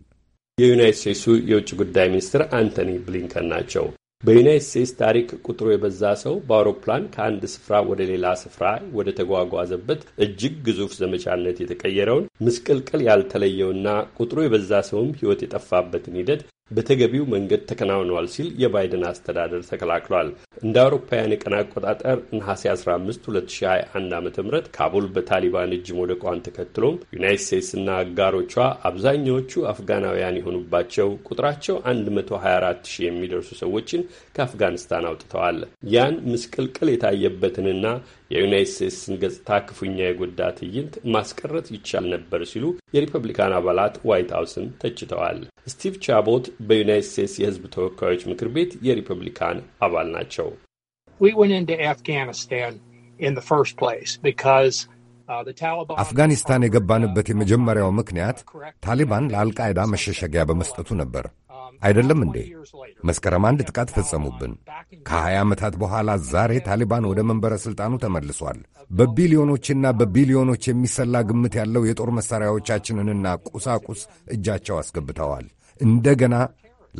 የዩናይት ስቴትሱ የውጭ ጉዳይ ሚኒስትር አንቶኒ ብሊንከን ናቸው። በዩናይት ስቴትስ ታሪክ ቁጥሩ የበዛ ሰው በአውሮፕላን ከአንድ ስፍራ ወደ ሌላ ስፍራ ወደ ተጓጓዘበት እጅግ ግዙፍ ዘመቻነት የተቀየረውን ምስቅልቅል ያልተለየውና ቁጥሩ የበዛ ሰውም ሕይወት የጠፋበትን ሂደት በተገቢው መንገድ ተከናውኗል ሲል የባይደን አስተዳደር ተከላክሏል። እንደ አውሮፓውያን የቀን አቆጣጠር ነሐሴ 15 2021 ዓ ም ካቡል በታሊባን እጅ መውደቋን ተከትሎም ዩናይት ስቴትስና አጋሮቿ አብዛኛዎቹ አፍጋናውያን የሆኑባቸው ቁጥራቸው 124000 የሚደርሱ ሰዎችን ከአፍጋኒስታን አውጥተዋል። ያን ምስቅልቅል የታየበትንና የዩናይት ስቴትስን ገጽታ ክፉኛ የጎዳ ትዕይንት ማስቀረት ይቻል ነበር ሲሉ የሪፐብሊካን አባላት ዋይት ሀውስን ተችተዋል። ስቲቭ ቻቦት በዩናይት ስቴትስ የሕዝብ ተወካዮች ምክር ቤት የሪፐብሊካን አባል ናቸው። We went into Afghanistan in the first place because አፍጋኒስታን የገባንበት የመጀመሪያው ምክንያት ታሊባን ለአልቃይዳ መሸሸጊያ በመስጠቱ ነበር። አይደለም እንዴ? መስከረም አንድ ጥቃት ፈጸሙብን። ከሀያ ዓመታት በኋላ ዛሬ ታሊባን ወደ መንበረ ሥልጣኑ ተመልሷል። በቢሊዮኖችና በቢሊዮኖች የሚሰላ ግምት ያለው የጦር መሣሪያዎቻችንንና ቁሳቁስ እጃቸው አስገብተዋል። እንደገና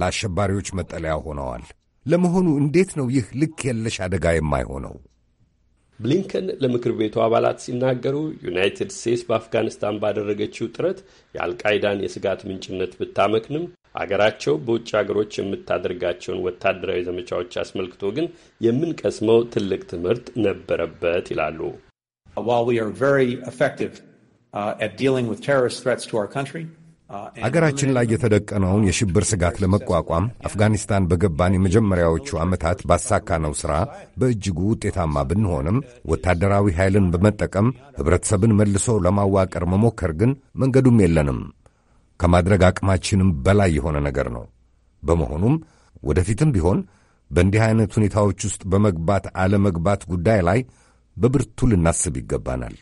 ለአሸባሪዎች መጠለያ ሆነዋል። ለመሆኑ እንዴት ነው ይህ ልክ የለሽ አደጋ የማይሆነው? ብሊንከን ለምክር ቤቱ አባላት ሲናገሩ ዩናይትድ ስቴትስ በአፍጋኒስታን ባደረገችው ጥረት የአልቃይዳን የስጋት ምንጭነት ብታመክንም አገራቸው በውጭ አገሮች የምታደርጋቸውን ወታደራዊ ዘመቻዎች አስመልክቶ ግን የምንቀስመው ትልቅ ትምህርት ነበረበት ይላሉ። while we are very effective uh, at dealing with terrorist threats to our country, አገራችን ላይ የተደቀነውን የሽብር ስጋት ለመቋቋም አፍጋኒስታን በገባን የመጀመሪያዎቹ ዓመታት ባሳካነው ሥራ በእጅጉ ውጤታማ ብንሆንም ወታደራዊ ኃይልን በመጠቀም ኅብረተሰብን መልሶ ለማዋቀር መሞከር ግን መንገዱም የለንም። ከማድረግ አቅማችንም በላይ የሆነ ነገር ነው። በመሆኑም ወደፊትም ቢሆን በእንዲህ አይነት ሁኔታዎች ውስጥ በመግባት አለመግባት ጉዳይ ላይ በብርቱ ልናስብ ይገባናል።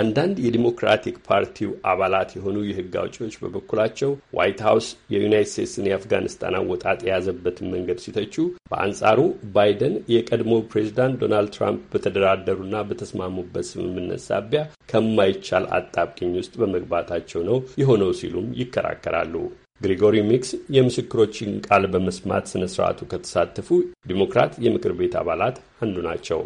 አንዳንድ የዲሞክራቲክ ፓርቲው አባላት የሆኑ የህግ አውጪዎች በበኩላቸው ዋይት ሀውስ የዩናይት ስቴትስን የአፍጋኒስታን አወጣጥ የያዘበትን መንገድ ሲተቹ፣ በአንጻሩ ባይደን የቀድሞ ፕሬዚዳንት ዶናልድ ትራምፕ በተደራደሩና በተስማሙበት ስምምነት ሳቢያ ከማይቻል አጣብቅኝ ውስጥ በመግባታቸው ነው የሆነው ሲሉም ይከራከራሉ። ግሪጎሪ ሚክስ የምስክሮችን ቃል በመስማት ስነ ስርዓቱ ከተሳተፉ ዲሞክራት የምክር ቤት አባላት አንዱ ናቸው።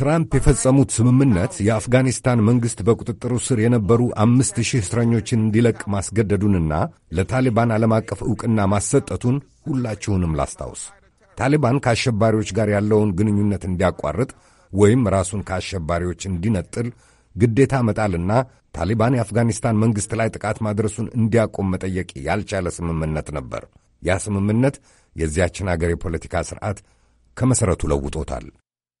ትራምፕ የፈጸሙት ስምምነት የአፍጋኒስታን መንግሥት በቁጥጥሩ ስር የነበሩ አምስት ሺህ እስረኞችን እንዲለቅ ማስገደዱንና ለታሊባን ዓለም አቀፍ ዕውቅና ማሰጠቱን ሁላችሁንም ላስታውስ። ታሊባን ከአሸባሪዎች ጋር ያለውን ግንኙነት እንዲያቋርጥ ወይም ራሱን ከአሸባሪዎች እንዲነጥል ግዴታ መጣልና ታሊባን የአፍጋኒስታን መንግሥት ላይ ጥቃት ማድረሱን እንዲያቆም መጠየቅ ያልቻለ ስምምነት ነበር። ያ ስምምነት የዚያችን አገር የፖለቲካ ሥርዓት ከመሠረቱ ለውጦታል።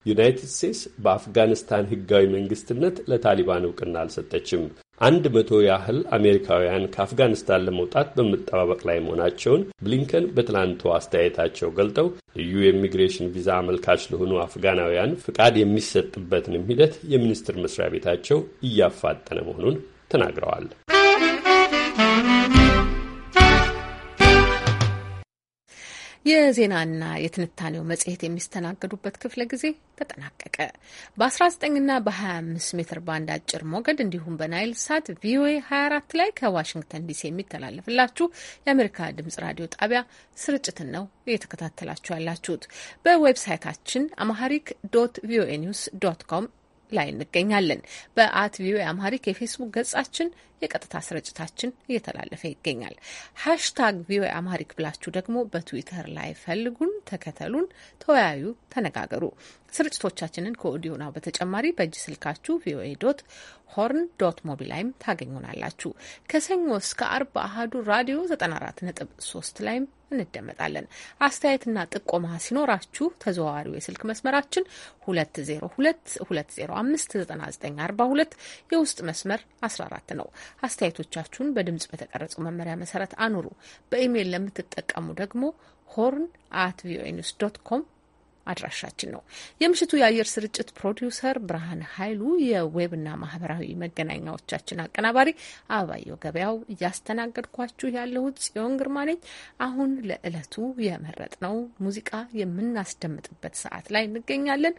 ዩናይትድ ስቴትስ በአፍጋኒስታን ህጋዊ መንግስትነት ለታሊባን እውቅና አልሰጠችም። አንድ መቶ ያህል አሜሪካውያን ከአፍጋኒስታን ለመውጣት በመጠባበቅ ላይ መሆናቸውን ብሊንከን በትላንቱ አስተያየታቸው ገልጠው ልዩ የኢሚግሬሽን ቪዛ አመልካች ለሆኑ አፍጋናውያን ፍቃድ የሚሰጥበትንም ሂደት የሚኒስቴር መስሪያ ቤታቸው እያፋጠነ መሆኑን ተናግረዋል። የዜናና የትንታኔው መጽሔት የሚስተናገዱበት ክፍለ ጊዜ ተጠናቀቀ። በ19ና በ25 ሜትር ባንድ አጭር ሞገድ እንዲሁም በናይል ሳት ቪኦኤ 24 ላይ ከዋሽንግተን ዲሲ የሚተላለፍላችሁ የአሜሪካ ድምጽ ራዲዮ ጣቢያ ስርጭትን ነው እየተከታተላችሁ ያላችሁት። በዌብሳይታችን አማሃሪክ ዶት ቪኦኤ ኒውስ ዶት ኮም ላይ እንገኛለን። በአት ቪኦኤ አማሪክ የፌስቡክ ገጻችን የቀጥታ ስርጭታችን እየተላለፈ ይገኛል። ሃሽታግ ቪኦኤ አማሪክ ብላችሁ ደግሞ በትዊተር ላይ ፈልጉን፣ ተከተሉን፣ ተወያዩ፣ ተነጋገሩ። ስርጭቶቻችንን ከኦዲዮ ናው በተጨማሪ በእጅ ስልካችሁ ቪኦኤ ዶት ሆርን ዶት ሞቢ ላይም ታገኙናላችሁ። ከሰኞ እስከ አርብ አህዱ ራዲዮ 94.3 ላይም እንደመጣለን። አስተያየትና ጥቆማ ሲኖራችሁ ተዘዋዋሪው የስልክ መስመራችን 2022059942 የውስጥ መስመር 14 ነው። አስተያየቶቻችሁን በድምጽ በተቀረጸው መመሪያ መሰረት አኑሩ። በኢሜይል ለምትጠቀሙ ደግሞ ሆርን አት ቪኦኤ ኒውስ ዶት ኮም አድራሻችን ነው። የምሽቱ የአየር ስርጭት ፕሮዲውሰር ብርሃን ኃይሉ፣ የዌብና ማህበራዊ መገናኛዎቻችን አቀናባሪ አበባየው ገበያው፣ እያስተናገድኳችሁ ያለሁት ጽዮን ግርማ ነኝ። አሁን ለዕለቱ የመረጥነው ሙዚቃ የምናስደምጥበት ሰዓት ላይ እንገኛለን።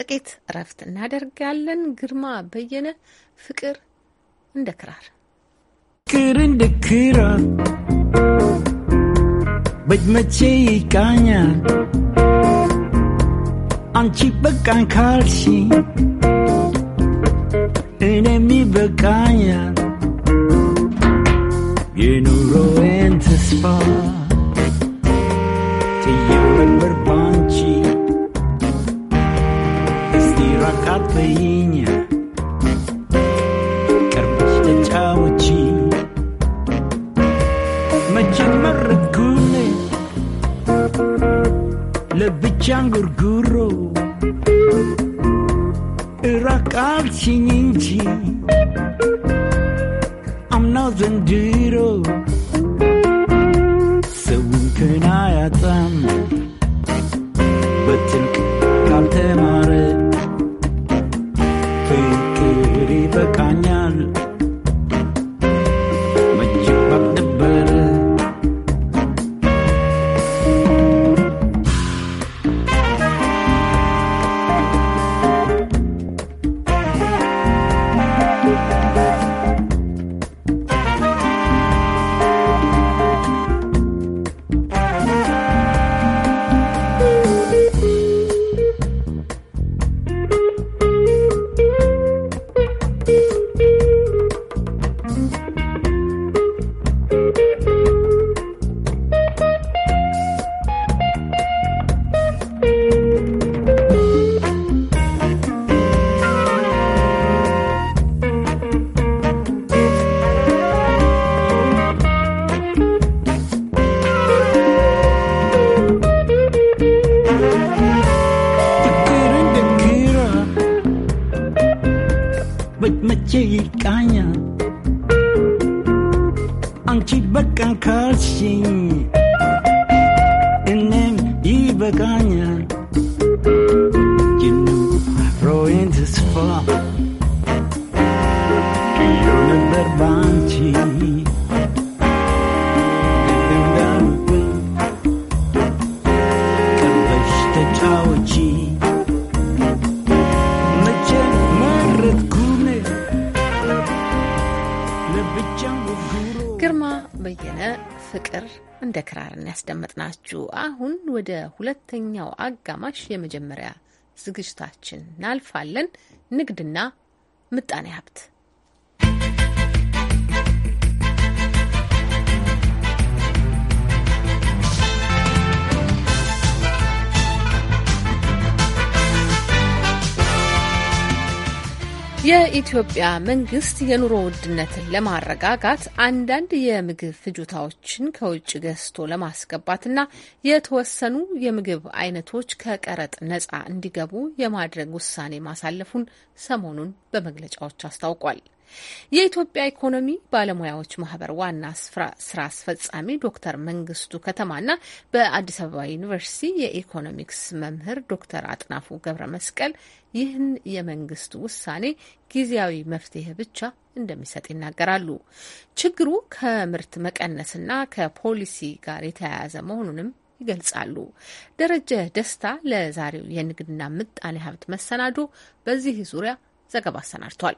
ጥቂት እረፍት እናደርጋለን። ግርማ በየነ ፍቅር እንደ ክራር እንደ ክራር በጅመቼ ይቃኛል አንቺ በቃን ካልሽ እኔም ይበቃኛል የኑሮዬን ተስፋ ትየው ባንቺ እስቲ ራቃት በይኛል አስደመጥናችሁ። አሁን ወደ ሁለተኛው አጋማሽ የመጀመሪያ ዝግጅታችን እናልፋለን። ንግድና ምጣኔ ሀብት የኢትዮጵያ መንግስት የኑሮ ውድነትን ለማረጋጋት አንዳንድ የምግብ ፍጆታዎችን ከውጭ ገዝቶ ለማስገባትና የተወሰኑ የምግብ አይነቶች ከቀረጥ ነጻ እንዲገቡ የማድረግ ውሳኔ ማሳለፉን ሰሞኑን በመግለጫዎች አስታውቋል። የኢትዮጵያ ኢኮኖሚ ባለሙያዎች ማህበር ዋና ስራ አስፈጻሚ ዶክተር መንግስቱ ከተማና በአዲስ አበባ ዩኒቨርሲቲ የኢኮኖሚክስ መምህር ዶክተር አጥናፉ ገብረ መስቀል ይህን የመንግስት ውሳኔ ጊዜያዊ መፍትሄ ብቻ እንደሚሰጥ ይናገራሉ። ችግሩ ከምርት መቀነስና ከፖሊሲ ጋር የተያያዘ መሆኑንም ይገልጻሉ። ደረጀ ደስታ ለዛሬው የንግድና ምጣኔ ሀብት መሰናዶ በዚህ ዙሪያ ዘገባ አሰናድቷል።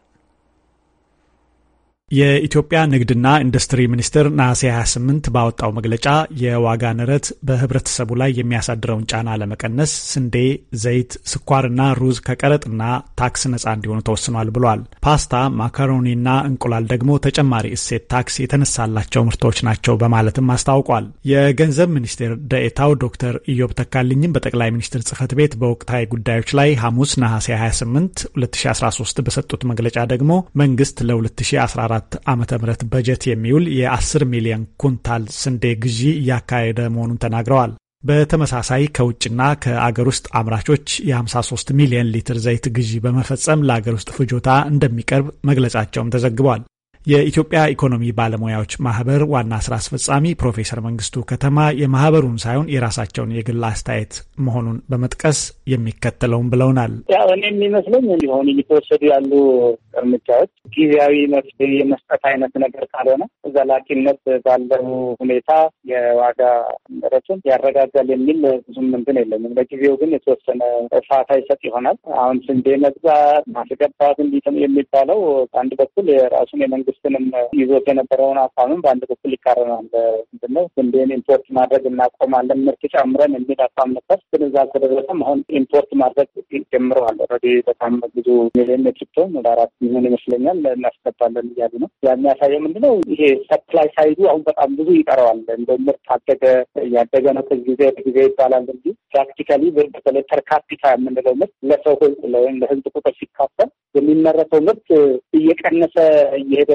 የኢትዮጵያ ንግድና ኢንዱስትሪ ሚኒስቴር ነሐሴ 28 ባወጣው መግለጫ የዋጋ ንረት በህብረተሰቡ ላይ የሚያሳድረውን ጫና ለመቀነስ ስንዴ፣ ዘይት፣ ስኳርና ሩዝ ከቀረጥና ታክስ ነጻ እንዲሆኑ ተወስኗል ብሏል። ፓስታ፣ ማካሮኒና እንቁላል ደግሞ ተጨማሪ እሴት ታክስ የተነሳላቸው ምርቶች ናቸው በማለትም አስታውቋል። የገንዘብ ሚኒስቴር ደኤታው ዶክተር ኢዮብ ተካልኝም በጠቅላይ ሚኒስትር ጽህፈት ቤት በወቅታዊ ጉዳዮች ላይ ሐሙስ ነሐሴ 28 2013 በሰጡት መግለጫ ደግሞ መንግስት ለ2014 2014 ዓ ም በጀት የሚውል የ10 ሚሊዮን ኩንታል ስንዴ ግዢ እያካሄደ መሆኑን ተናግረዋል። በተመሳሳይ ከውጭና ከአገር ውስጥ አምራቾች የ53 ሚሊዮን ሊትር ዘይት ግዢ በመፈጸም ለአገር ውስጥ ፍጆታ እንደሚቀርብ መግለጻቸውም ተዘግቧል። የኢትዮጵያ ኢኮኖሚ ባለሙያዎች ማህበር ዋና ስራ አስፈጻሚ ፕሮፌሰር መንግስቱ ከተማ የማህበሩን ሳይሆን የራሳቸውን የግል አስተያየት መሆኑን በመጥቀስ የሚከተለውን ብለውናል። ያው እኔ የሚመስለኝ እንዲሆን እየተወሰዱ ያሉ እርምጃዎች ጊዜያዊ መፍትሄ የመስጠት አይነት ነገር ካልሆነ ዘላቂነት ባለው ሁኔታ የዋጋ ንረቱን ያረጋጋል የሚል ብዙም እንትን የለኝም። ለጊዜው ግን የተወሰነ እፋታ ይሰጥ ይሆናል። አሁን ስንዴ መግዛት ማስገባት እንዲህ የሚባለው አንድ በኩል የራሱን የመንግስት መንግስትንም ይዞት የነበረውን አቋምም በአንድ በኩል ይቃረናል። ምንድን ነው ስንዴን ኢምፖርት ማድረግ እናቆማለን፣ ምርት ጨምረን የሚል አቋም ነበር። ግን እዛ ከደረሰም አሁን ኢምፖርት ማድረግ ጀምረዋል። ኦልሬዲ በጣም ብዙ ሚሊዮን ሜትሪክ ቶን ወደ አራት ሚሊዮን ይመስለኛል እናስገባለን እያሉ ነው። ያ የሚያሳየው ምንድነው ይሄ ሰፕላይ ሳይዙ አሁን በጣም ብዙ ይቀረዋል። እንደ ምርት አደገ እያደገ ነው ከዚህ ጊዜ ጊዜ ይባላል እንጂ ፕራክቲካሊ በተለይ ፐርካፒታ የምንለው ምርት ለሰው ወይም ለህዝብ ቁጥር ሲካፈል የሚመረተው ምርት እየቀነሰ እየሄደ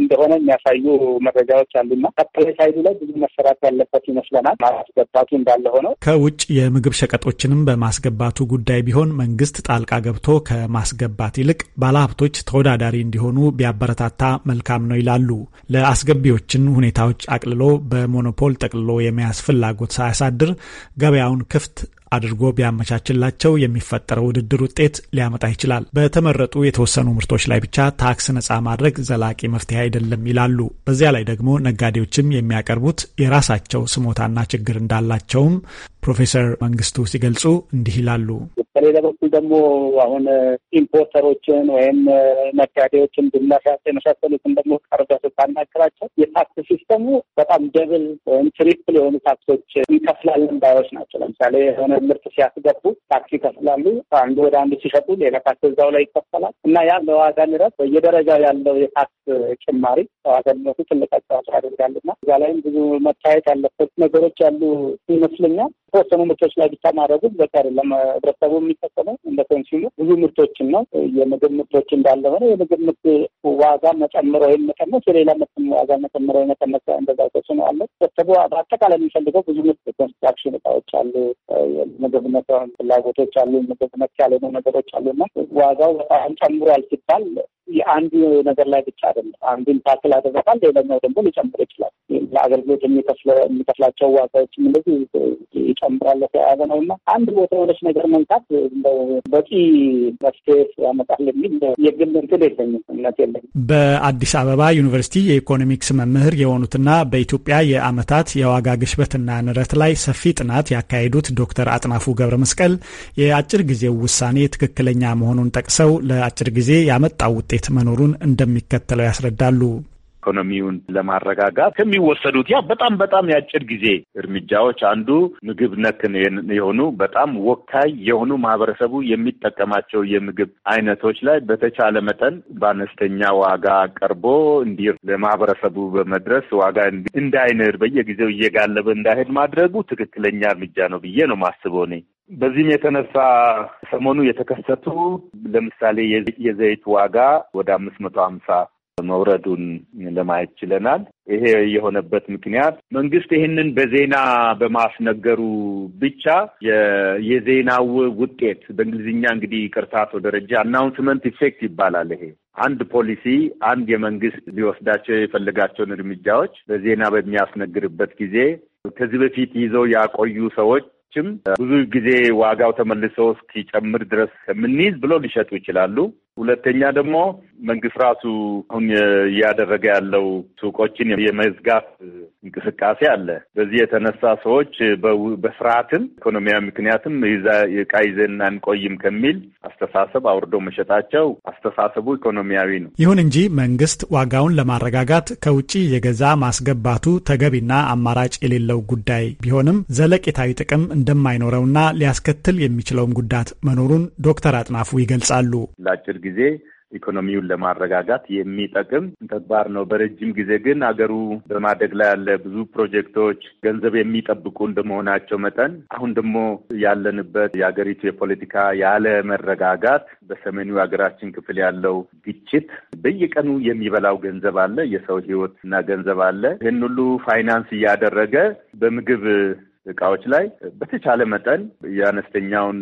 እንደሆነ የሚያሳዩ መረጃዎች አሉና ከፕላይ ሳይዱ ላይ ብዙ መሰራት ያለበት ይመስለናል። ማስገባቱ እንዳለ ሆነው ከውጭ የምግብ ሸቀጦችንም በማስገባቱ ጉዳይ ቢሆን መንግስት ጣልቃ ገብቶ ከማስገባት ይልቅ ባለሀብቶች ተወዳዳሪ እንዲሆኑ ቢያበረታታ መልካም ነው ይላሉ። ለአስገቢዎችን ሁኔታዎች አቅልሎ በሞኖፖል ጠቅልሎ የመያዝ ፍላጎት ሳያሳድር ገበያውን ክፍት አድርጎ ቢያመቻችላቸው የሚፈጠረው ውድድር ውጤት ሊያመጣ ይችላል። በተመረጡ የተወሰኑ ምርቶች ላይ ብቻ ታክስ ነጻ ማድረግ ዘላቂ መፍትሄ አይደለም ይላሉ። በዚያ ላይ ደግሞ ነጋዴዎችም የሚያቀርቡት የራሳቸው ስሞታና ችግር እንዳላቸውም ፕሮፌሰር መንግስቱ ሲገልጹ እንዲህ ይላሉ። በሌላ በኩል ደግሞ አሁን ኢምፖርተሮችን ወይም ነጋዴዎችን ድላሻቸው የመሳሰሉትን ደግሞ ቀርበ ስታናገራቸው የታክስ ሲስተሙ በጣም ደብል ወይም ትሪፕል የሆኑ ታክሶች እንከፍላለን ባዮች ናቸው። ለምሳሌ የሆነ ምርት ሲያስገቡ ታክስ ይከፍላሉ። አንዱ ወደ አንዱ ሲሸጡ ሌላ ታክስ እዛው ላይ ይከፈላል እና ያ ለዋጋ ንረት በየደረጃው ያለው የታክስ ጭማሪ ለዋጋ ንረቱ ትልቅ አስተዋጽኦ ያደርጋል እና እዛ ላይም ብዙ መታየት ያለበት ነገሮች ያሉ ይመስለኛል። የተወሰኑ ምርቶች ላይ ብቻ ማድረጉ በቂ አይደለም። ህብረተሰቡ የሚጠቀመው እንደ ኮንሱሙ ብዙ ምርቶችን ነው። የምግብ ምርቶች እንዳለ ሆነ የምግብ ምርት ዋጋ መጨምረ ወይም መቀነስ የሌላ ምርት ዋጋ መጨምረ ወይ መቀነስ እንደዛ ተጽዕኖ አለ። ህብረተሰቡ በአጠቃላይ የሚፈልገው ብዙ ምርት ኮንስትራክሽን እቃዎች አሉ ምግብ ነክ ፍላጎቶች አሉ፣ ምግብ ነክ ያልሆኑ ነገሮች እና ዋጋው በጣም ጨምሯል ሲባል የአንዱ ነገር ላይ ብቻ አይደለም። አንዱን ታክል አደረጋል፣ ሌላኛው ደግሞ ሊጨምር ይችላል። ለአገልግሎት የሚከፍላቸው ዋጋዎችም እንደዚህ ይጨምራል። ተያያዘ ነው እና አንድ ቦታ የሆነች ነገር መንካት በቂ መፍትሄ ያመጣል የሚል የግል እንትን የለኝም እምነት የለኝም። በአዲስ አበባ ዩኒቨርሲቲ የኢኮኖሚክስ መምህር የሆኑትና በኢትዮጵያ የአመታት የዋጋ ግሽበትና ንረት ላይ ሰፊ ጥናት ያካሄዱት ዶክተር አጥናፉ ገብረ መስቀል የአጭር ጊዜው ውሳኔ ትክክለኛ መሆኑን ጠቅሰው ለአጭር ጊዜ ያመጣው ውጤት መኖሩን እንደሚከተለው ያስረዳሉ። ኢኮኖሚውን ለማረጋጋት ከሚወሰዱት ያ በጣም በጣም የአጭር ጊዜ እርምጃዎች አንዱ ምግብ ነክ የሆኑ በጣም ወካይ የሆኑ ማህበረሰቡ የሚጠቀማቸው የምግብ አይነቶች ላይ በተቻለ መጠን በአነስተኛ ዋጋ ቀርቦ እንዲ ለማህበረሰቡ በመድረስ ዋጋ እንዳይንር በየጊዜው እየጋለበ እንዳይሄድ ማድረጉ ትክክለኛ እርምጃ ነው ብዬ ነው ማስበው እኔ። በዚህም የተነሳ ሰሞኑ የተከሰቱ ለምሳሌ የዘይት ዋጋ ወደ አምስት መቶ ሀምሳ መውረዱን ለማየት ችለናል። ይሄ የሆነበት ምክንያት መንግስት ይህንን በዜና በማስነገሩ ብቻ የዜናው ውጤት በእንግሊዝኛ እንግዲህ ይቅርታ አቶ ደረጃ አናውንስመንት ኢፌክት ይባላል። ይሄ አንድ ፖሊሲ አንድ የመንግስት ሊወስዳቸው የፈለጋቸውን እርምጃዎች በዜና በሚያስነግርበት ጊዜ ከዚህ በፊት ይዘው ያቆዩ ሰዎች ብዙ ጊዜ ዋጋው ተመልሶ እስኪጨምር ድረስ ከምንይዝ ብሎ ሊሸጡ ይችላሉ። ሁለተኛ ደግሞ መንግስት ራሱ አሁን እያደረገ ያለው ሱቆችን የመዝጋት እንቅስቃሴ አለ። በዚህ የተነሳ ሰዎች በስርዓትም ኢኮኖሚያዊ ምክንያትም ዕቃ ይዘን አንቆይም ከሚል አስተሳሰብ አውርዶ መሸጣቸው አስተሳሰቡ ኢኮኖሚያዊ ነው። ይሁን እንጂ መንግስት ዋጋውን ለማረጋጋት ከውጭ የገዛ ማስገባቱ ተገቢና አማራጭ የሌለው ጉዳይ ቢሆንም ዘለቄታዊ ጥቅም እንደማይኖረውና ሊያስከትል የሚችለውም ጉዳት መኖሩን ዶክተር አጥናፉ ይገልጻሉ። ጊዜ ኢኮኖሚውን ለማረጋጋት የሚጠቅም ተግባር ነው። በረጅም ጊዜ ግን አገሩ በማደግ ላይ ያለ ብዙ ፕሮጀክቶች ገንዘብ የሚጠብቁ እንደመሆናቸው መጠን አሁን ደግሞ ያለንበት የሀገሪቱ የፖለቲካ ያለ መረጋጋት፣ በሰሜኑ የሀገራችን ክፍል ያለው ግጭት በየቀኑ የሚበላው ገንዘብ አለ፣ የሰው ህይወት እና ገንዘብ አለ። ይህን ሁሉ ፋይናንስ እያደረገ በምግብ እቃዎች ላይ በተቻለ መጠን የአነስተኛውን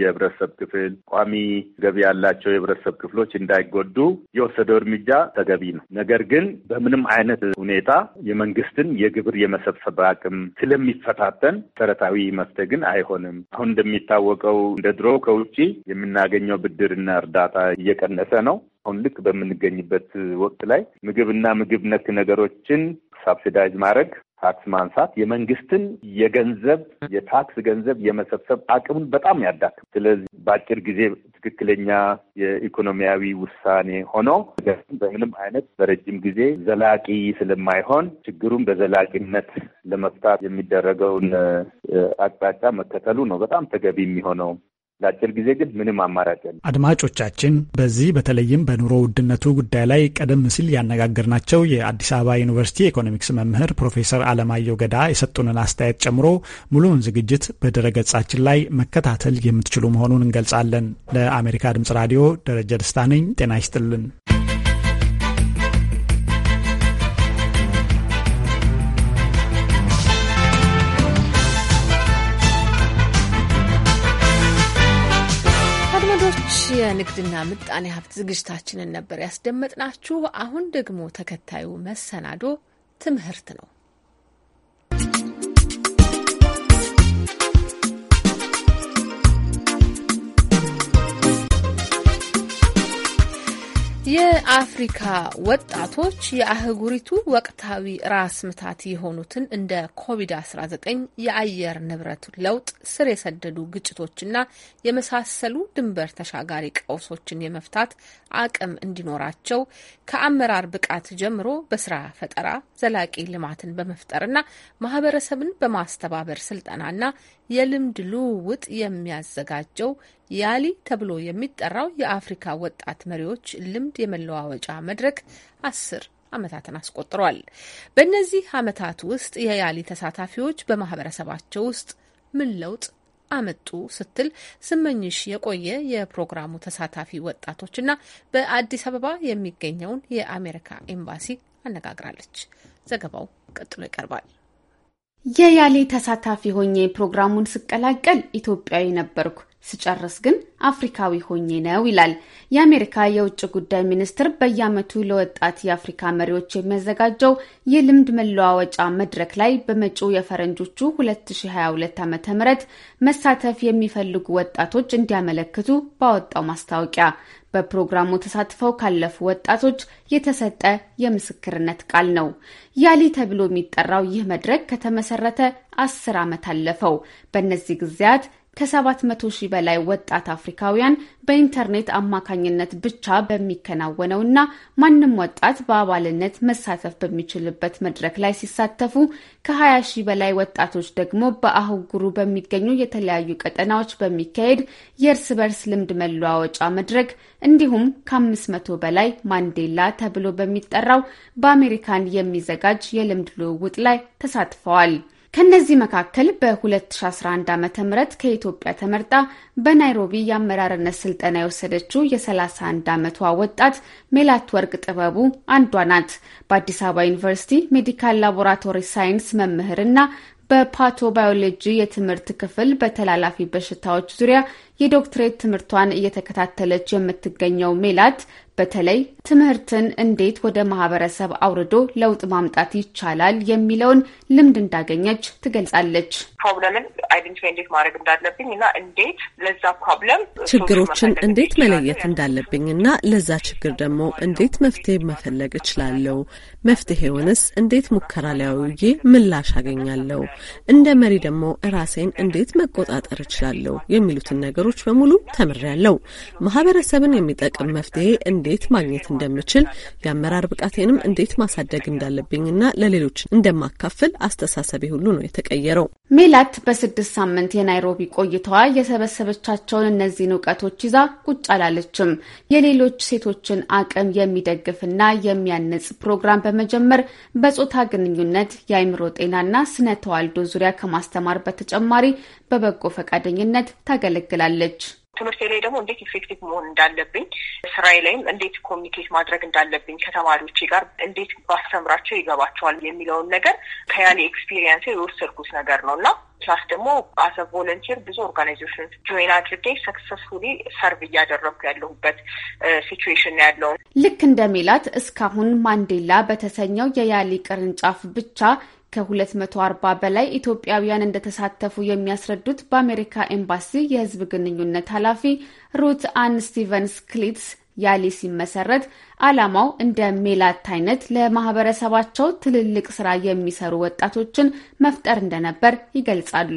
የህብረተሰብ ክፍል ቋሚ ገቢ ያላቸው የህብረተሰብ ክፍሎች እንዳይጎዱ የወሰደው እርምጃ ተገቢ ነው። ነገር ግን በምንም አይነት ሁኔታ የመንግስትን የግብር የመሰብሰብ አቅም ስለሚፈታተን መሰረታዊ መፍትሄ ግን አይሆንም። አሁን እንደሚታወቀው እንደ ድሮ ከውጭ የምናገኘው ብድርና እርዳታ እየቀነሰ ነው። አሁን ልክ በምንገኝበት ወቅት ላይ ምግብና ምግብ ነክ ነገሮችን ሳብሲዳይዝ ማድረግ ታክስ ማንሳት የመንግስትን የገንዘብ የታክስ ገንዘብ የመሰብሰብ አቅሙን በጣም ያዳክም። ስለዚህ በአጭር ጊዜ ትክክለኛ የኢኮኖሚያዊ ውሳኔ ሆኖ በምንም አይነት በረጅም ጊዜ ዘላቂ ስለማይሆን ችግሩን በዘላቂነት ለመፍታት የሚደረገውን አቅጣጫ መከተሉ ነው በጣም ተገቢ የሚሆነው። ለአጭር ጊዜ ግን ምንም አማራጭ ያለ። አድማጮቻችን በዚህ በተለይም በኑሮ ውድነቱ ጉዳይ ላይ ቀደም ሲል ያነጋገርናቸው የአዲስ አበባ ዩኒቨርሲቲ ኢኮኖሚክስ መምህር ፕሮፌሰር አለማየሁ ገዳ የሰጡንን አስተያየት ጨምሮ ሙሉውን ዝግጅት በድረገጻችን ላይ መከታተል የምትችሉ መሆኑን እንገልጻለን። ለአሜሪካ ድምጽ ራዲዮ ደረጀ ደስታ ነኝ። ጤና ይስጥልን። የንግድና ምጣኔ ሀብት ዝግጅታችንን ነበር ያስደመጥናችሁ። አሁን ደግሞ ተከታዩ መሰናዶ ትምህርት ነው። የአፍሪካ ወጣቶች የአህጉሪቱ ወቅታዊ ራስ ምታት የሆኑትን እንደ ኮቪድ-19 የአየር ንብረት ለውጥ ስር የሰደዱ ግጭቶችና የመሳሰሉ ድንበር ተሻጋሪ ቀውሶችን የመፍታት አቅም እንዲኖራቸው ከአመራር ብቃት ጀምሮ በስራ ፈጠራ ዘላቂ ልማትን በመፍጠርና ማህበረሰብን በማስተባበር ስልጠናና የልምድ ልውውጥ የሚያዘጋጀው ያሊ ተብሎ የሚጠራው የአፍሪካ ወጣት መሪዎች ልምድ የመለዋወጫ መድረክ አስር ዓመታትን አስቆጥሯል። በእነዚህ ዓመታት ውስጥ የያሊ ተሳታፊዎች በማህበረሰባቸው ውስጥ ምን ለውጥ አመጡ ስትል ስመኝሽ የቆየ የፕሮግራሙ ተሳታፊ ወጣቶችና በአዲስ አበባ የሚገኘውን የአሜሪካ ኤምባሲ አነጋግራለች። ዘገባው ቀጥሎ ይቀርባል። የያሌ ተሳታፊ ሆኜ ፕሮግራሙን ስቀላቀል ኢትዮጵያዊ ነበርኩ። ስጨርስ ግን አፍሪካዊ ሆኜ ነው ይላል። የአሜሪካ የውጭ ጉዳይ ሚኒስቴር በየዓመቱ ለወጣት የአፍሪካ መሪዎች የሚያዘጋጀው የልምድ መለዋወጫ መድረክ ላይ በመጪው የፈረንጆቹ 2022 ዓ ም መሳተፍ የሚፈልጉ ወጣቶች እንዲያመለክቱ ባወጣው ማስታወቂያ በፕሮግራሙ ተሳትፈው ካለፉ ወጣቶች የተሰጠ የምስክርነት ቃል ነው። ያሊ ተብሎ የሚጠራው ይህ መድረክ ከተመሰረተ አስር ዓመት አለፈው። በእነዚህ ጊዜያት ከ700 ሺህ በላይ ወጣት አፍሪካውያን በኢንተርኔት አማካኝነት ብቻ በሚከናወነው እና ማንም ወጣት በአባልነት መሳተፍ በሚችልበት መድረክ ላይ ሲሳተፉ ከ20 ሺህ በላይ ወጣቶች ደግሞ በአህጉሩ በሚገኙ የተለያዩ ቀጠናዎች በሚካሄድ የእርስ በርስ ልምድ መለዋወጫ መድረክ እንዲሁም ከ500 በላይ ማንዴላ ተብሎ በሚጠራው በአሜሪካን የሚዘጋጅ የልምድ ልውውጥ ላይ ተሳትፈዋል። ከነዚህ መካከል በ2011 ዓ ም ከኢትዮጵያ ተመርጣ በናይሮቢ የአመራርነት ስልጠና የወሰደችው የ31 ዓመቷ ወጣት ሜላት ወርቅ ጥበቡ አንዷ ናት። በአዲስ አበባ ዩኒቨርሲቲ ሜዲካል ላቦራቶሪ ሳይንስ መምህርና በፓቶ ባዮሎጂ የትምህርት ክፍል በተላላፊ በሽታዎች ዙሪያ የዶክትሬት ትምህርቷን እየተከታተለች የምትገኘው ሜላት በተለይ ትምህርትን እንዴት ወደ ማህበረሰብ አውርዶ ለውጥ ማምጣት ይቻላል የሚለውን ልምድ እንዳገኘች ትገልጻለች። ፕሮብለምን አይደንቲፋይ እንዴት ማድረግ እንዳለብኝ እና እንዴት ለዛ ፕሮብለም ችግሮችን እንዴት መለየት እንዳለብኝ እና ለዛ ችግር ደግሞ እንዴት መፍትሄ መፈለግ እችላለሁ፣ መፍትሄውንስ እንዴት ሙከራ ላይ ምላሽ አገኛለሁ፣ እንደ መሪ ደግሞ ራሴን እንዴት መቆጣጠር እችላለሁ የሚሉትን ነገሮች በሙሉ ተምሬያለሁ። ማህበረሰብን የሚጠቅም መፍትሄ እንዴት እንዴት ማግኘት እንደምችል የአመራር ብቃቴንም እንዴት ማሳደግ እንዳለብኝና ለሌሎች እንደማካፍል አስተሳሰቤ ሁሉ ነው የተቀየረው። ሜላት በስድስት ሳምንት የናይሮቢ ቆይታዋ የሰበሰበቻቸውን እነዚህን እውቀቶች ይዛ ቁጭ አላለችም። የሌሎች ሴቶችን አቅም የሚደግፍና የሚያንጽ ፕሮግራም በመጀመር በጾታ ግንኙነት፣ የአይምሮ ጤናና ስነ ተዋልዶ ዙሪያ ከማስተማር በተጨማሪ በበጎ ፈቃደኝነት ታገለግላለች። ትምህርቴ ላይ ደግሞ እንዴት ኢፌክቲቭ መሆን እንዳለብኝ፣ ስራዬ ላይም እንዴት ኮሚኒኬት ማድረግ እንዳለብኝ ከተማሪዎች ጋር እንዴት ባስተምራቸው ይገባቸዋል የሚለውን ነገር ከያሌ ኤክስፒሪየንስ የወሰድኩት ነገር ነው እና ፕላስ ደግሞ አዘ ቮለንቲር ብዙ ኦርጋናይዜሽን ጆይን አድርጌ ሰክሰስፉሊ ሰርቭ እያደረግኩ ያለሁበት uh, ነው ያለውን ልክ እንደሚላት እስካሁን ማንዴላ በተሰኘው የያሌ ቅርንጫፍ ብቻ ከ240 በላይ ኢትዮጵያውያን እንደተሳተፉ የሚያስረዱት በአሜሪካ ኤምባሲ የሕዝብ ግንኙነት ኃላፊ ሩት አን ስቲቨንስ ክሊትስ ያሊ ሲመሰረት ዓላማው እንደ ሜላት አይነት ለማህበረሰባቸው ትልልቅ ስራ የሚሰሩ ወጣቶችን መፍጠር እንደነበር ይገልጻሉ።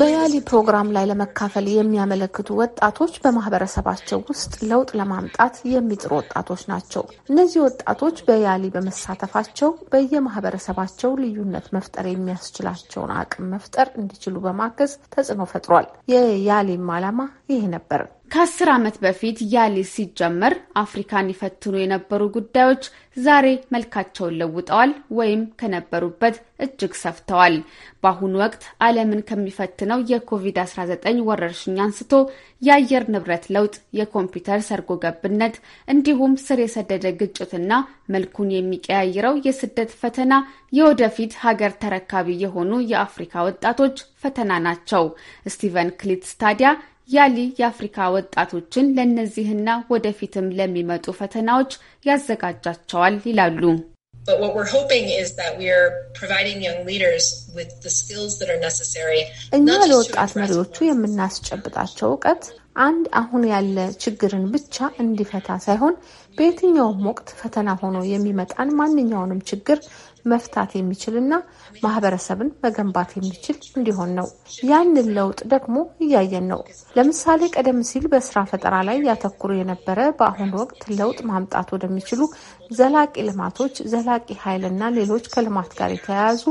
በያሊ ፕሮግራም ላይ ለመካፈል የሚያመለክቱ ወጣቶች በማህበረሰባቸው ውስጥ ለውጥ ለማምጣት የሚጥሩ ወጣቶች ናቸው። እነዚህ ወጣቶች በያሊ በመሳተፋቸው በየማህበረሰባቸው ልዩነት መፍጠር የሚያስችላቸውን አቅም መፍጠር እንዲችሉ በማገዝ ተጽዕኖ ፈጥሯል። የያሊም ዓላማ ይሄ ነበር። ከአስር ዓመት በፊት ያሊ ሲጀመር አፍሪካን ይፈትኑ የነበሩ ጉዳዮች ዛሬ መልካቸውን ለውጠዋል ወይም ከነበሩበት እጅግ ሰፍተዋል። በአሁኑ ወቅት ዓለምን ከሚፈትነው የኮቪድ-19 ወረርሽኝ አንስቶ የአየር ንብረት ለውጥ፣ የኮምፒውተር ሰርጎ ገብነት እንዲሁም ስር የሰደደ ግጭትና መልኩን የሚቀያይረው የስደት ፈተና የወደፊት ሀገር ተረካቢ የሆኑ የአፍሪካ ወጣቶች ፈተና ናቸው። ስቲቨን ክሊትስ ታዲያ ያሊ የአፍሪካ ወጣቶችን ለእነዚህና ወደፊትም ለሚመጡ ፈተናዎች ያዘጋጃቸዋል ይላሉ። እኛ ለወጣት መሪዎቹ የምናስጨብጣቸው እውቀት አንድ አሁን ያለ ችግርን ብቻ እንዲፈታ ሳይሆን በየትኛውም ወቅት ፈተና ሆኖ የሚመጣን ማንኛውንም ችግር መፍታት የሚችልና ማህበረሰብን መገንባት የሚችል እንዲሆን ነው። ያንን ለውጥ ደግሞ እያየን ነው። ለምሳሌ ቀደም ሲል በስራ ፈጠራ ላይ ያተኩሩ የነበረ በአሁኑ ወቅት ለውጥ ማምጣት ወደሚችሉ ዘላቂ ልማቶች፣ ዘላቂ ኃይልና ሌሎች ከልማት ጋር የተያያዙ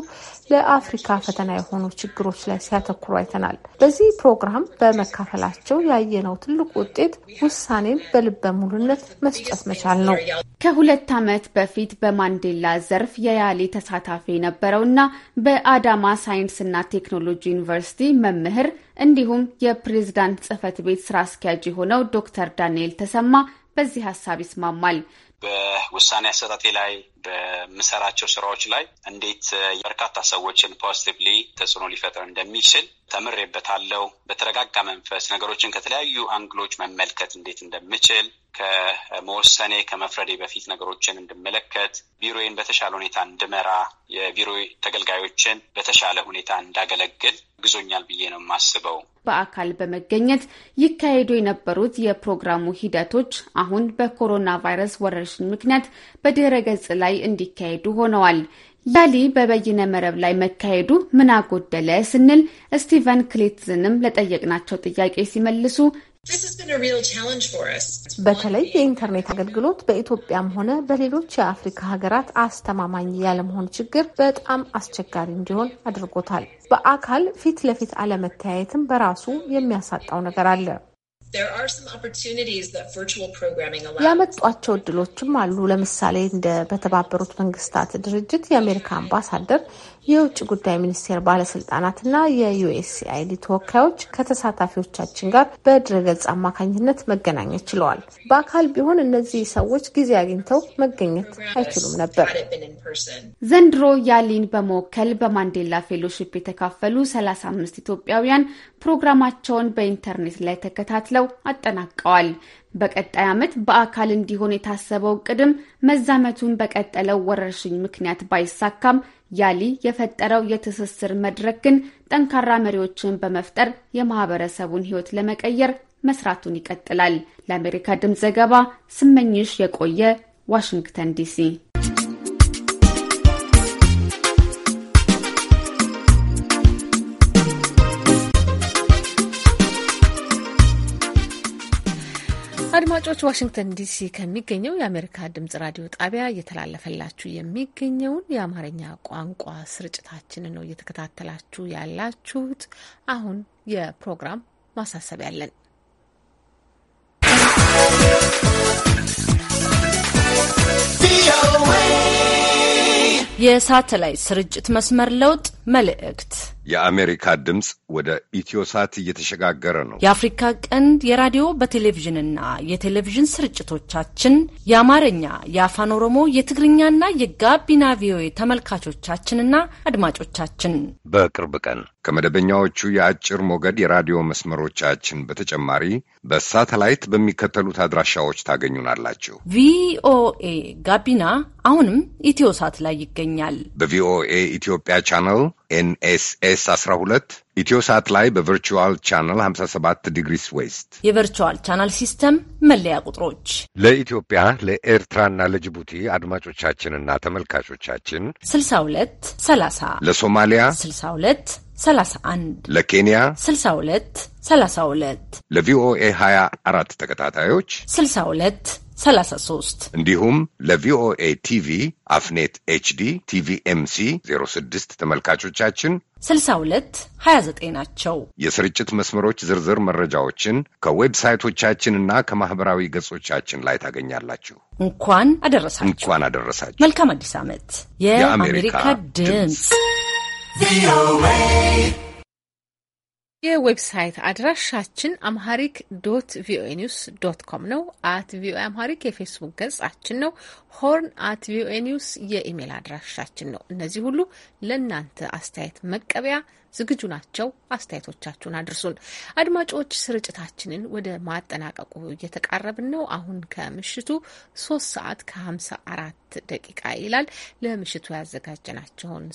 ለአፍሪካ ፈተና የሆኑ ችግሮች ላይ ሲያተኩሩ አይተናል። በዚህ ፕሮግራም በመካፈላቸው ያየነው ትልቁ ውጤት ውሳኔን በልበ ሙሉነት መስጠት መቻል ነው። ከሁለት ዓመት በፊት በማንዴላ ዘርፍ የያሌ ተሳታፊ የነበረውና በአዳማ ሳይንስና ቴክኖሎጂ ዩኒቨርሲቲ መምህር እንዲሁም የፕሬዝዳንት ጽህፈት ቤት ስራ አስኪያጅ የሆነው ዶክተር ዳንኤል ተሰማ በዚህ ሀሳብ ይስማማል። በውሳኔ አሰጣጤ ላይ በምሰራቸው ስራዎች ላይ እንዴት በርካታ ሰዎችን ፖዚቲቭሊ ተጽዕኖ ሊፈጥር እንደሚችል ተምሬበታለሁ። በተረጋጋ መንፈስ ነገሮችን ከተለያዩ አንግሎች መመልከት እንዴት እንደምችል ከመወሰኔ ከመፍረዴ በፊት ነገሮችን እንድመለከት፣ ቢሮዬን በተሻለ ሁኔታ እንድመራ፣ የቢሮ ተገልጋዮችን በተሻለ ሁኔታ እንዳገለግል ግዞኛል ብዬ ነው የማስበው። በአካል በመገኘት ይካሄዱ የነበሩት የፕሮግራሙ ሂደቶች አሁን በኮሮና ቫይረስ ወረርሽኝ ምክንያት በድረ ገጽ ላይ እንዲካሄዱ ሆነዋል። ያሊ በበይነ መረብ ላይ መካሄዱ ምን አጎደለ ስንል ስቲቨን ክሌትዝንም ለጠየቅናቸው ጥያቄ ሲመልሱ በተለይ የኢንተርኔት አገልግሎት በኢትዮጵያም ሆነ በሌሎች የአፍሪካ ሀገራት አስተማማኝ ያለመሆን ችግር በጣም አስቸጋሪ እንዲሆን አድርጎታል። በአካል ፊት ለፊት አለመተያየትም በራሱ የሚያሳጣው ነገር አለ። ያመጧቸው እድሎችም አሉ። ለምሳሌ እንደ በተባበሩት መንግስታት ድርጅት የአሜሪካ አምባሳደር የውጭ ጉዳይ ሚኒስቴር ባለስልጣናትና የዩኤስኤአይዲ ተወካዮች ከተሳታፊዎቻችን ጋር በድረገጽ አማካኝነት መገናኘት ችለዋል። በአካል ቢሆን እነዚህ ሰዎች ጊዜ አግኝተው መገኘት አይችሉም ነበር። ዘንድሮ ያሊን በመወከል በማንዴላ ፌሎሺፕ የተካፈሉ 35 ኢትዮጵያውያን ፕሮግራማቸውን በኢንተርኔት ላይ ተከታትለው አጠናቀዋል። በቀጣይ ዓመት በአካል እንዲሆን የታሰበው ቅድም መዛመቱን በቀጠለው ወረርሽኝ ምክንያት ባይሳካም ያሊ የፈጠረው የትስስር መድረክ ግን ጠንካራ መሪዎችን በመፍጠር የማህበረሰቡን ህይወት ለመቀየር መስራቱን ይቀጥላል። ለአሜሪካ ድምፅ ዘገባ ስመኝሽ የቆየ ዋሽንግተን ዲሲ አድማጮች ዋሽንግተን ዲሲ ከሚገኘው የአሜሪካ ድምጽ ራዲዮ ጣቢያ እየተላለፈላችሁ የሚገኘውን የአማርኛ ቋንቋ ስርጭታችንን ነው እየተከታተላችሁ ያላችሁት። አሁን የፕሮግራም ማሳሰቢያ አለን። የሳተላይት ስርጭት መስመር ለውጥ መልእክት የአሜሪካ ድምፅ ወደ ኢትዮሳት እየተሸጋገረ ነው። የአፍሪካ ቀንድ የራዲዮ በቴሌቪዥንና የቴሌቪዥን ስርጭቶቻችን የአማርኛ፣ የአፋን ኦሮሞ፣ የትግርኛና የጋቢና ቪኦኤ ተመልካቾቻችንና አድማጮቻችን በቅርብ ቀን ከመደበኛዎቹ የአጭር ሞገድ የራዲዮ መስመሮቻችን በተጨማሪ በሳተላይት በሚከተሉት አድራሻዎች ታገኙናላችሁ። ቪኦኤ ጋቢና አሁንም ኢትዮሳት ላይ ይገኛል። በቪኦኤ ኢትዮጵያ ቻናል ኤንኤስኤስ 12 ኢትዮሳት ላይ በቨርቹዋል ቻናል 57 ዲግሪስ ዌስት የቨርቹዋል ቻናል ሲስተም መለያ ቁጥሮች ለኢትዮጵያ ለኤርትራና ለጅቡቲ አድማጮቻችንና ተመልካቾቻችን 62 30 ለሶማሊያ 62 31 ለኬንያ 62 32 ለቪኦኤ 24 ተከታታዮች 62 33 እንዲሁም ለቪኦኤ ቲቪ አፍኔት ኤችዲ ቲቪ ኤምሲ 06 ተመልካቾቻችን 62 29 ናቸው። የስርጭት መስመሮች ዝርዝር መረጃዎችን ከዌብሳይቶቻችንና ከማኅበራዊ ገጾቻችን ላይ ታገኛላችሁ። እንኳን አደረሳችሁ እንኳን አደረሳችሁ። መልካም አዲስ ዓመት። የአሜሪካ ድምፅ ቪኦኤ የዌብሳይት አድራሻችን አምሃሪክ ዶት ቪኦኤ ኒውስ ዶት ኮም ነው። አት ቪኦኤ አምሃሪክ የፌስቡክ ገጻችን ነው። ሆርን አት ቪኦኤ ኒውስ የኢሜል አድራሻችን ነው። እነዚህ ሁሉ ለእናንተ አስተያየት መቀበያ ዝግጁ ናቸው። አስተያየቶቻችሁን አድርሱን። አድማጮች ስርጭታችንን ወደ ማጠናቀቁ እየተቃረብን ነው። አሁን ከምሽቱ ሶስት ሰዓት ከሀምሳ አራት ደቂቃ ይላል። ለምሽቱ ያዘጋጀናቸውን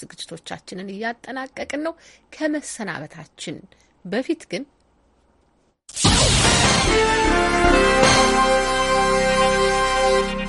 ዝግጅቶቻችንን እያጠናቀቅን ነው። ከመሰናበታችን በፊት ግን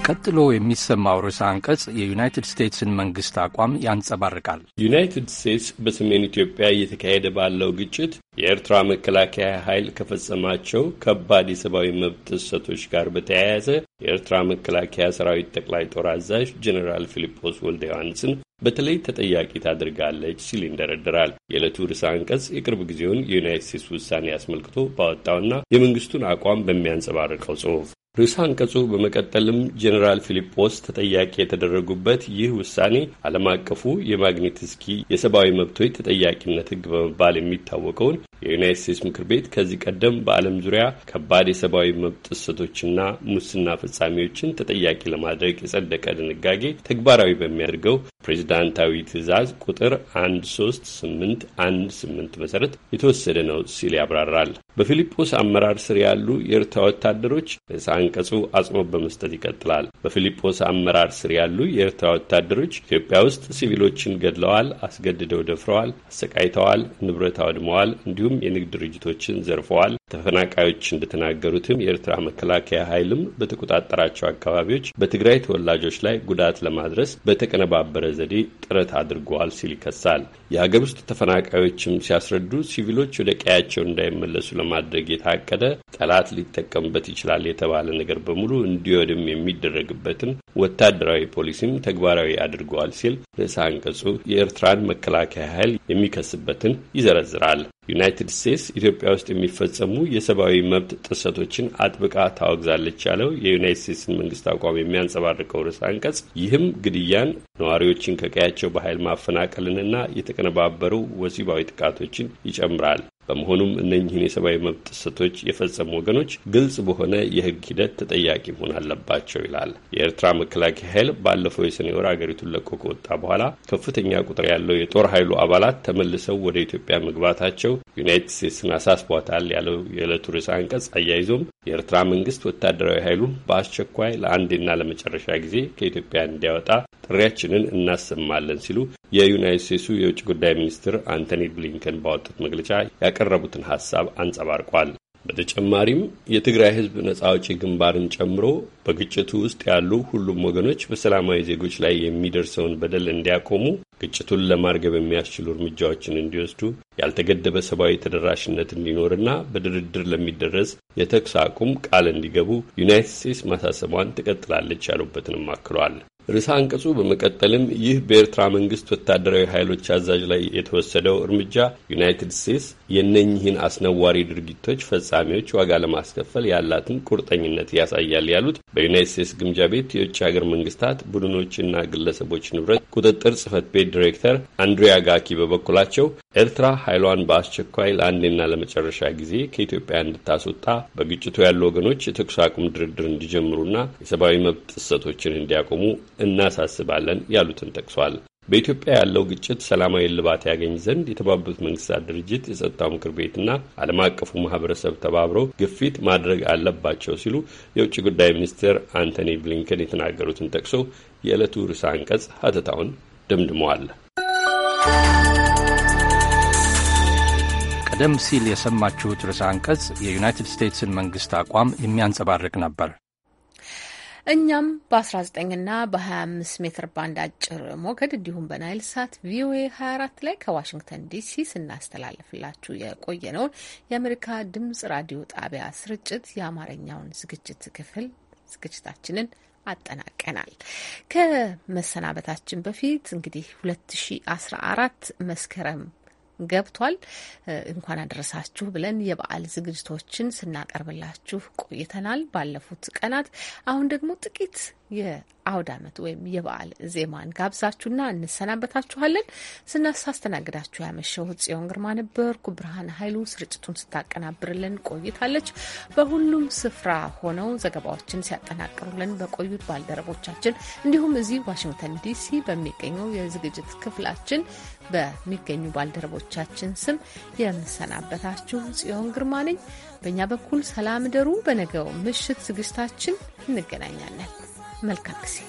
ቀጥሎ የሚሰማው ርዕሰ አንቀጽ የዩናይትድ ስቴትስን መንግስት አቋም ያንጸባርቃል። ዩናይትድ ስቴትስ በሰሜን ኢትዮጵያ እየተካሄደ ባለው ግጭት የኤርትራ መከላከያ ኃይል ከፈጸማቸው ከባድ የሰብአዊ መብት ጥሰቶች ጋር በተያያዘ የኤርትራ መከላከያ ሰራዊት ጠቅላይ ጦር አዛዥ ጀኔራል ፊሊጶስ ወልደ ዮሐንስን በተለይ ተጠያቂ አድርጋለች ሲል ይንደረደራል። የዕለቱ ርዕሰ አንቀጽ የቅርብ ጊዜውን የዩናይትድ ስቴትስ ውሳኔ አስመልክቶ ባወጣውና የመንግስቱን አቋም በሚያንጸባርቀው ጽሑፍ ርዕሰ አንቀጹ በመቀጠልም ጄኔራል ፊሊጶስ ተጠያቂ የተደረጉበት ይህ ውሳኔ ዓለም አቀፉ የማግኒትስኪ የሰብአዊ መብቶች ተጠያቂነት ሕግ በመባል የሚታወቀውን የዩናይት ስቴትስ ምክር ቤት ከዚህ ቀደም በዓለም ዙሪያ ከባድ የሰብአዊ መብት ጥሰቶችና ሙስና ፍጻሜዎችን ተጠያቂ ለማድረግ የጸደቀ ድንጋጌ ተግባራዊ በሚያደርገው ፕሬዚዳንታዊ ትዕዛዝ ቁጥር 13818 መሰረት የተወሰደ ነው ሲል ያብራራል። በፊሊጶስ አመራር ስር ያሉ የኤርትራ ወታደሮች አንቀጹ አጽንኦት በመስጠት ይቀጥላል። በፊልጶስ አመራር ስር ያሉ የኤርትራ ወታደሮች ኢትዮጵያ ውስጥ ሲቪሎችን ገድለዋል፣ አስገድደው ደፍረዋል፣ አሰቃይተዋል፣ ንብረት አውድመዋል፣ እንዲሁም የንግድ ድርጅቶችን ዘርፈዋል። ተፈናቃዮች እንደተናገሩትም የኤርትራ መከላከያ ኃይልም በተቆጣጠራቸው አካባቢዎች በትግራይ ተወላጆች ላይ ጉዳት ለማድረስ በተቀነባበረ ዘዴ ጥረት አድርገዋል ሲል ይከሳል። የሀገር ውስጥ ተፈናቃዮችም ሲያስረዱ ሲቪሎች ወደ ቀያቸው እንዳይመለሱ ለማድረግ የታቀደ ጠላት ሊጠቀምበት ይችላል የተባለ ነገር በሙሉ እንዲወድም የሚደረግበትን ወታደራዊ ፖሊሲም ተግባራዊ አድርገዋል ሲል ርዕሰ አንቀጹ የኤርትራን መከላከያ ኃይል የሚከስበትን ይዘረዝራል። ዩናይትድ ስቴትስ ኢትዮጵያ ውስጥ የሚፈጸሙ የሰብአዊ መብት ጥሰቶችን አጥብቃ ታወግዛለች ያለው የዩናይትድ ስቴትስን መንግስት አቋም የሚያንጸባርቀው ርዕሰ አንቀጽ ይህም ግድያን፣ ነዋሪዎችን ከቀያቸው በኃይል ማፈናቀልንና የተቀነባበሩ ወሲባዊ ጥቃቶችን ይጨምራል። በመሆኑም እነኚህን የሰብአዊ መብት ጥሰቶች የፈጸሙ ወገኖች ግልጽ በሆነ የህግ ሂደት ተጠያቂ መሆን አለባቸው ይላል። የኤርትራ መከላከያ ኃይል ባለፈው የሰኔ ወር አገሪቱን ለቆ ከወጣ በኋላ ከፍተኛ ቁጥር ያለው የጦር ኃይሉ አባላት ተመልሰው ወደ ኢትዮጵያ መግባታቸው ዩናይትድ ስቴትስን አሳስቧታል ያለው የዕለቱ ርዕሰ አንቀጽ አያይዞም የኤርትራ መንግስት ወታደራዊ ኃይሉን በአስቸኳይ ለአንዴና ለመጨረሻ ጊዜ ከኢትዮጵያ እንዲያወጣ ጥሪያችንን እናሰማለን ሲሉ የዩናይት ስቴትሱ የውጭ ጉዳይ ሚኒስትር አንቶኒ ብሊንከን ባወጡት መግለጫ ያቀረቡትን ሀሳብ አንጸባርቋል። በተጨማሪም የትግራይ ሕዝብ ነጻ አውጪ ግንባርን ጨምሮ በግጭቱ ውስጥ ያሉ ሁሉም ወገኖች በሰላማዊ ዜጎች ላይ የሚደርሰውን በደል እንዲያቆሙ፣ ግጭቱን ለማርገብ የሚያስችሉ እርምጃዎችን እንዲወስዱ፣ ያልተገደበ ሰብአዊ ተደራሽነት እንዲኖርና በድርድር ለሚደረስ የተኩስ አቁም ቃል እንዲገቡ ዩናይትድ ስቴትስ ማሳሰቧን ትቀጥላለች ያሉበትንም አክሏል። ርዕሰ አንቀጹ በመቀጠልም ይህ በኤርትራ መንግስት ወታደራዊ ኃይሎች አዛዥ ላይ የተወሰደው እርምጃ ዩናይትድ ስቴትስ የነኝህን አስነዋሪ ድርጊቶች ፈጻሚዎች ዋጋ ለማስከፈል ያላትን ቁርጠኝነት ያሳያል ያሉት በዩናይት ስቴትስ ግምጃ ቤት የውጭ ሀገር መንግስታት ቡድኖችና ግለሰቦች ንብረት ቁጥጥር ጽህፈት ቤት ዲሬክተር አንድሪያ ጋኪ በበኩላቸው ኤርትራ ኃይሏን በአስቸኳይ ለአንዴና ለመጨረሻ ጊዜ ከኢትዮጵያ እንድታስወጣ በግጭቱ ያሉ ወገኖች የተኩስ አቁም ድርድር እንዲጀምሩና የሰብአዊ መብት ጥሰቶችን እንዲያቆሙ እናሳስባለን ያሉትን ጠቅሷል። በኢትዮጵያ ያለው ግጭት ሰላማዊ እልባት ያገኝ ዘንድ የተባበሩት መንግስታት ድርጅት የጸጥታው ምክር ቤትና ዓለም አቀፉ ማህበረሰብ ተባብረው ግፊት ማድረግ አለባቸው ሲሉ የውጭ ጉዳይ ሚኒስትር አንቶኒ ብሊንከን የተናገሩትን ጠቅሶ የዕለቱ ርዕሰ አንቀጽ ሀተታውን ደምድመዋል። ቀደም ሲል የሰማችሁት ርዕሰ አንቀጽ የዩናይትድ ስቴትስን መንግስት አቋም የሚያንጸባርቅ ነበር። እኛም በ19 ና በ25 ሜትር ባንድ አጭር ሞገድ እንዲሁም በናይል ሳት ቪኦኤ 24 ላይ ከዋሽንግተን ዲሲ ስናስተላልፍላችሁ የቆየነውን የአሜሪካ ድምጽ ራዲዮ ጣቢያ ስርጭት የአማርኛውን ዝግጅት ክፍል ዝግጅታችንን አጠናቀናል። ከመሰናበታችን በፊት እንግዲህ 2014 መስከረም ገብቷል። እንኳን አደረሳችሁ ብለን የበዓል ዝግጅቶችን ስናቀርብላችሁ ቆይተናል ባለፉት ቀናት። አሁን ደግሞ ጥቂት የአውድ ዓመት ወይም የበዓል ዜማን ጋብዛችሁና እንሰናበታችኋለን። ስናስተናግዳችሁ ያመሸው ጽዮን ግርማ ነበርኩ። ብርሃን ኃይሉ ስርጭቱን ስታቀናብርልን ቆይታለች። በሁሉም ስፍራ ሆነው ዘገባዎችን ሲያጠናቅሩልን በቆዩት ባልደረቦቻችን እንዲሁም እዚህ ዋሽንግተን ዲሲ በሚገኘው የዝግጅት ክፍላችን በሚገኙ ባልደረቦቻችን ስም የምሰናበታችሁ ጽዮን ግርማ ነኝ። በእኛ በኩል ሰላም ደሩ። በነገው ምሽት ዝግጅታችን እንገናኛለን። መልካም ጊዜ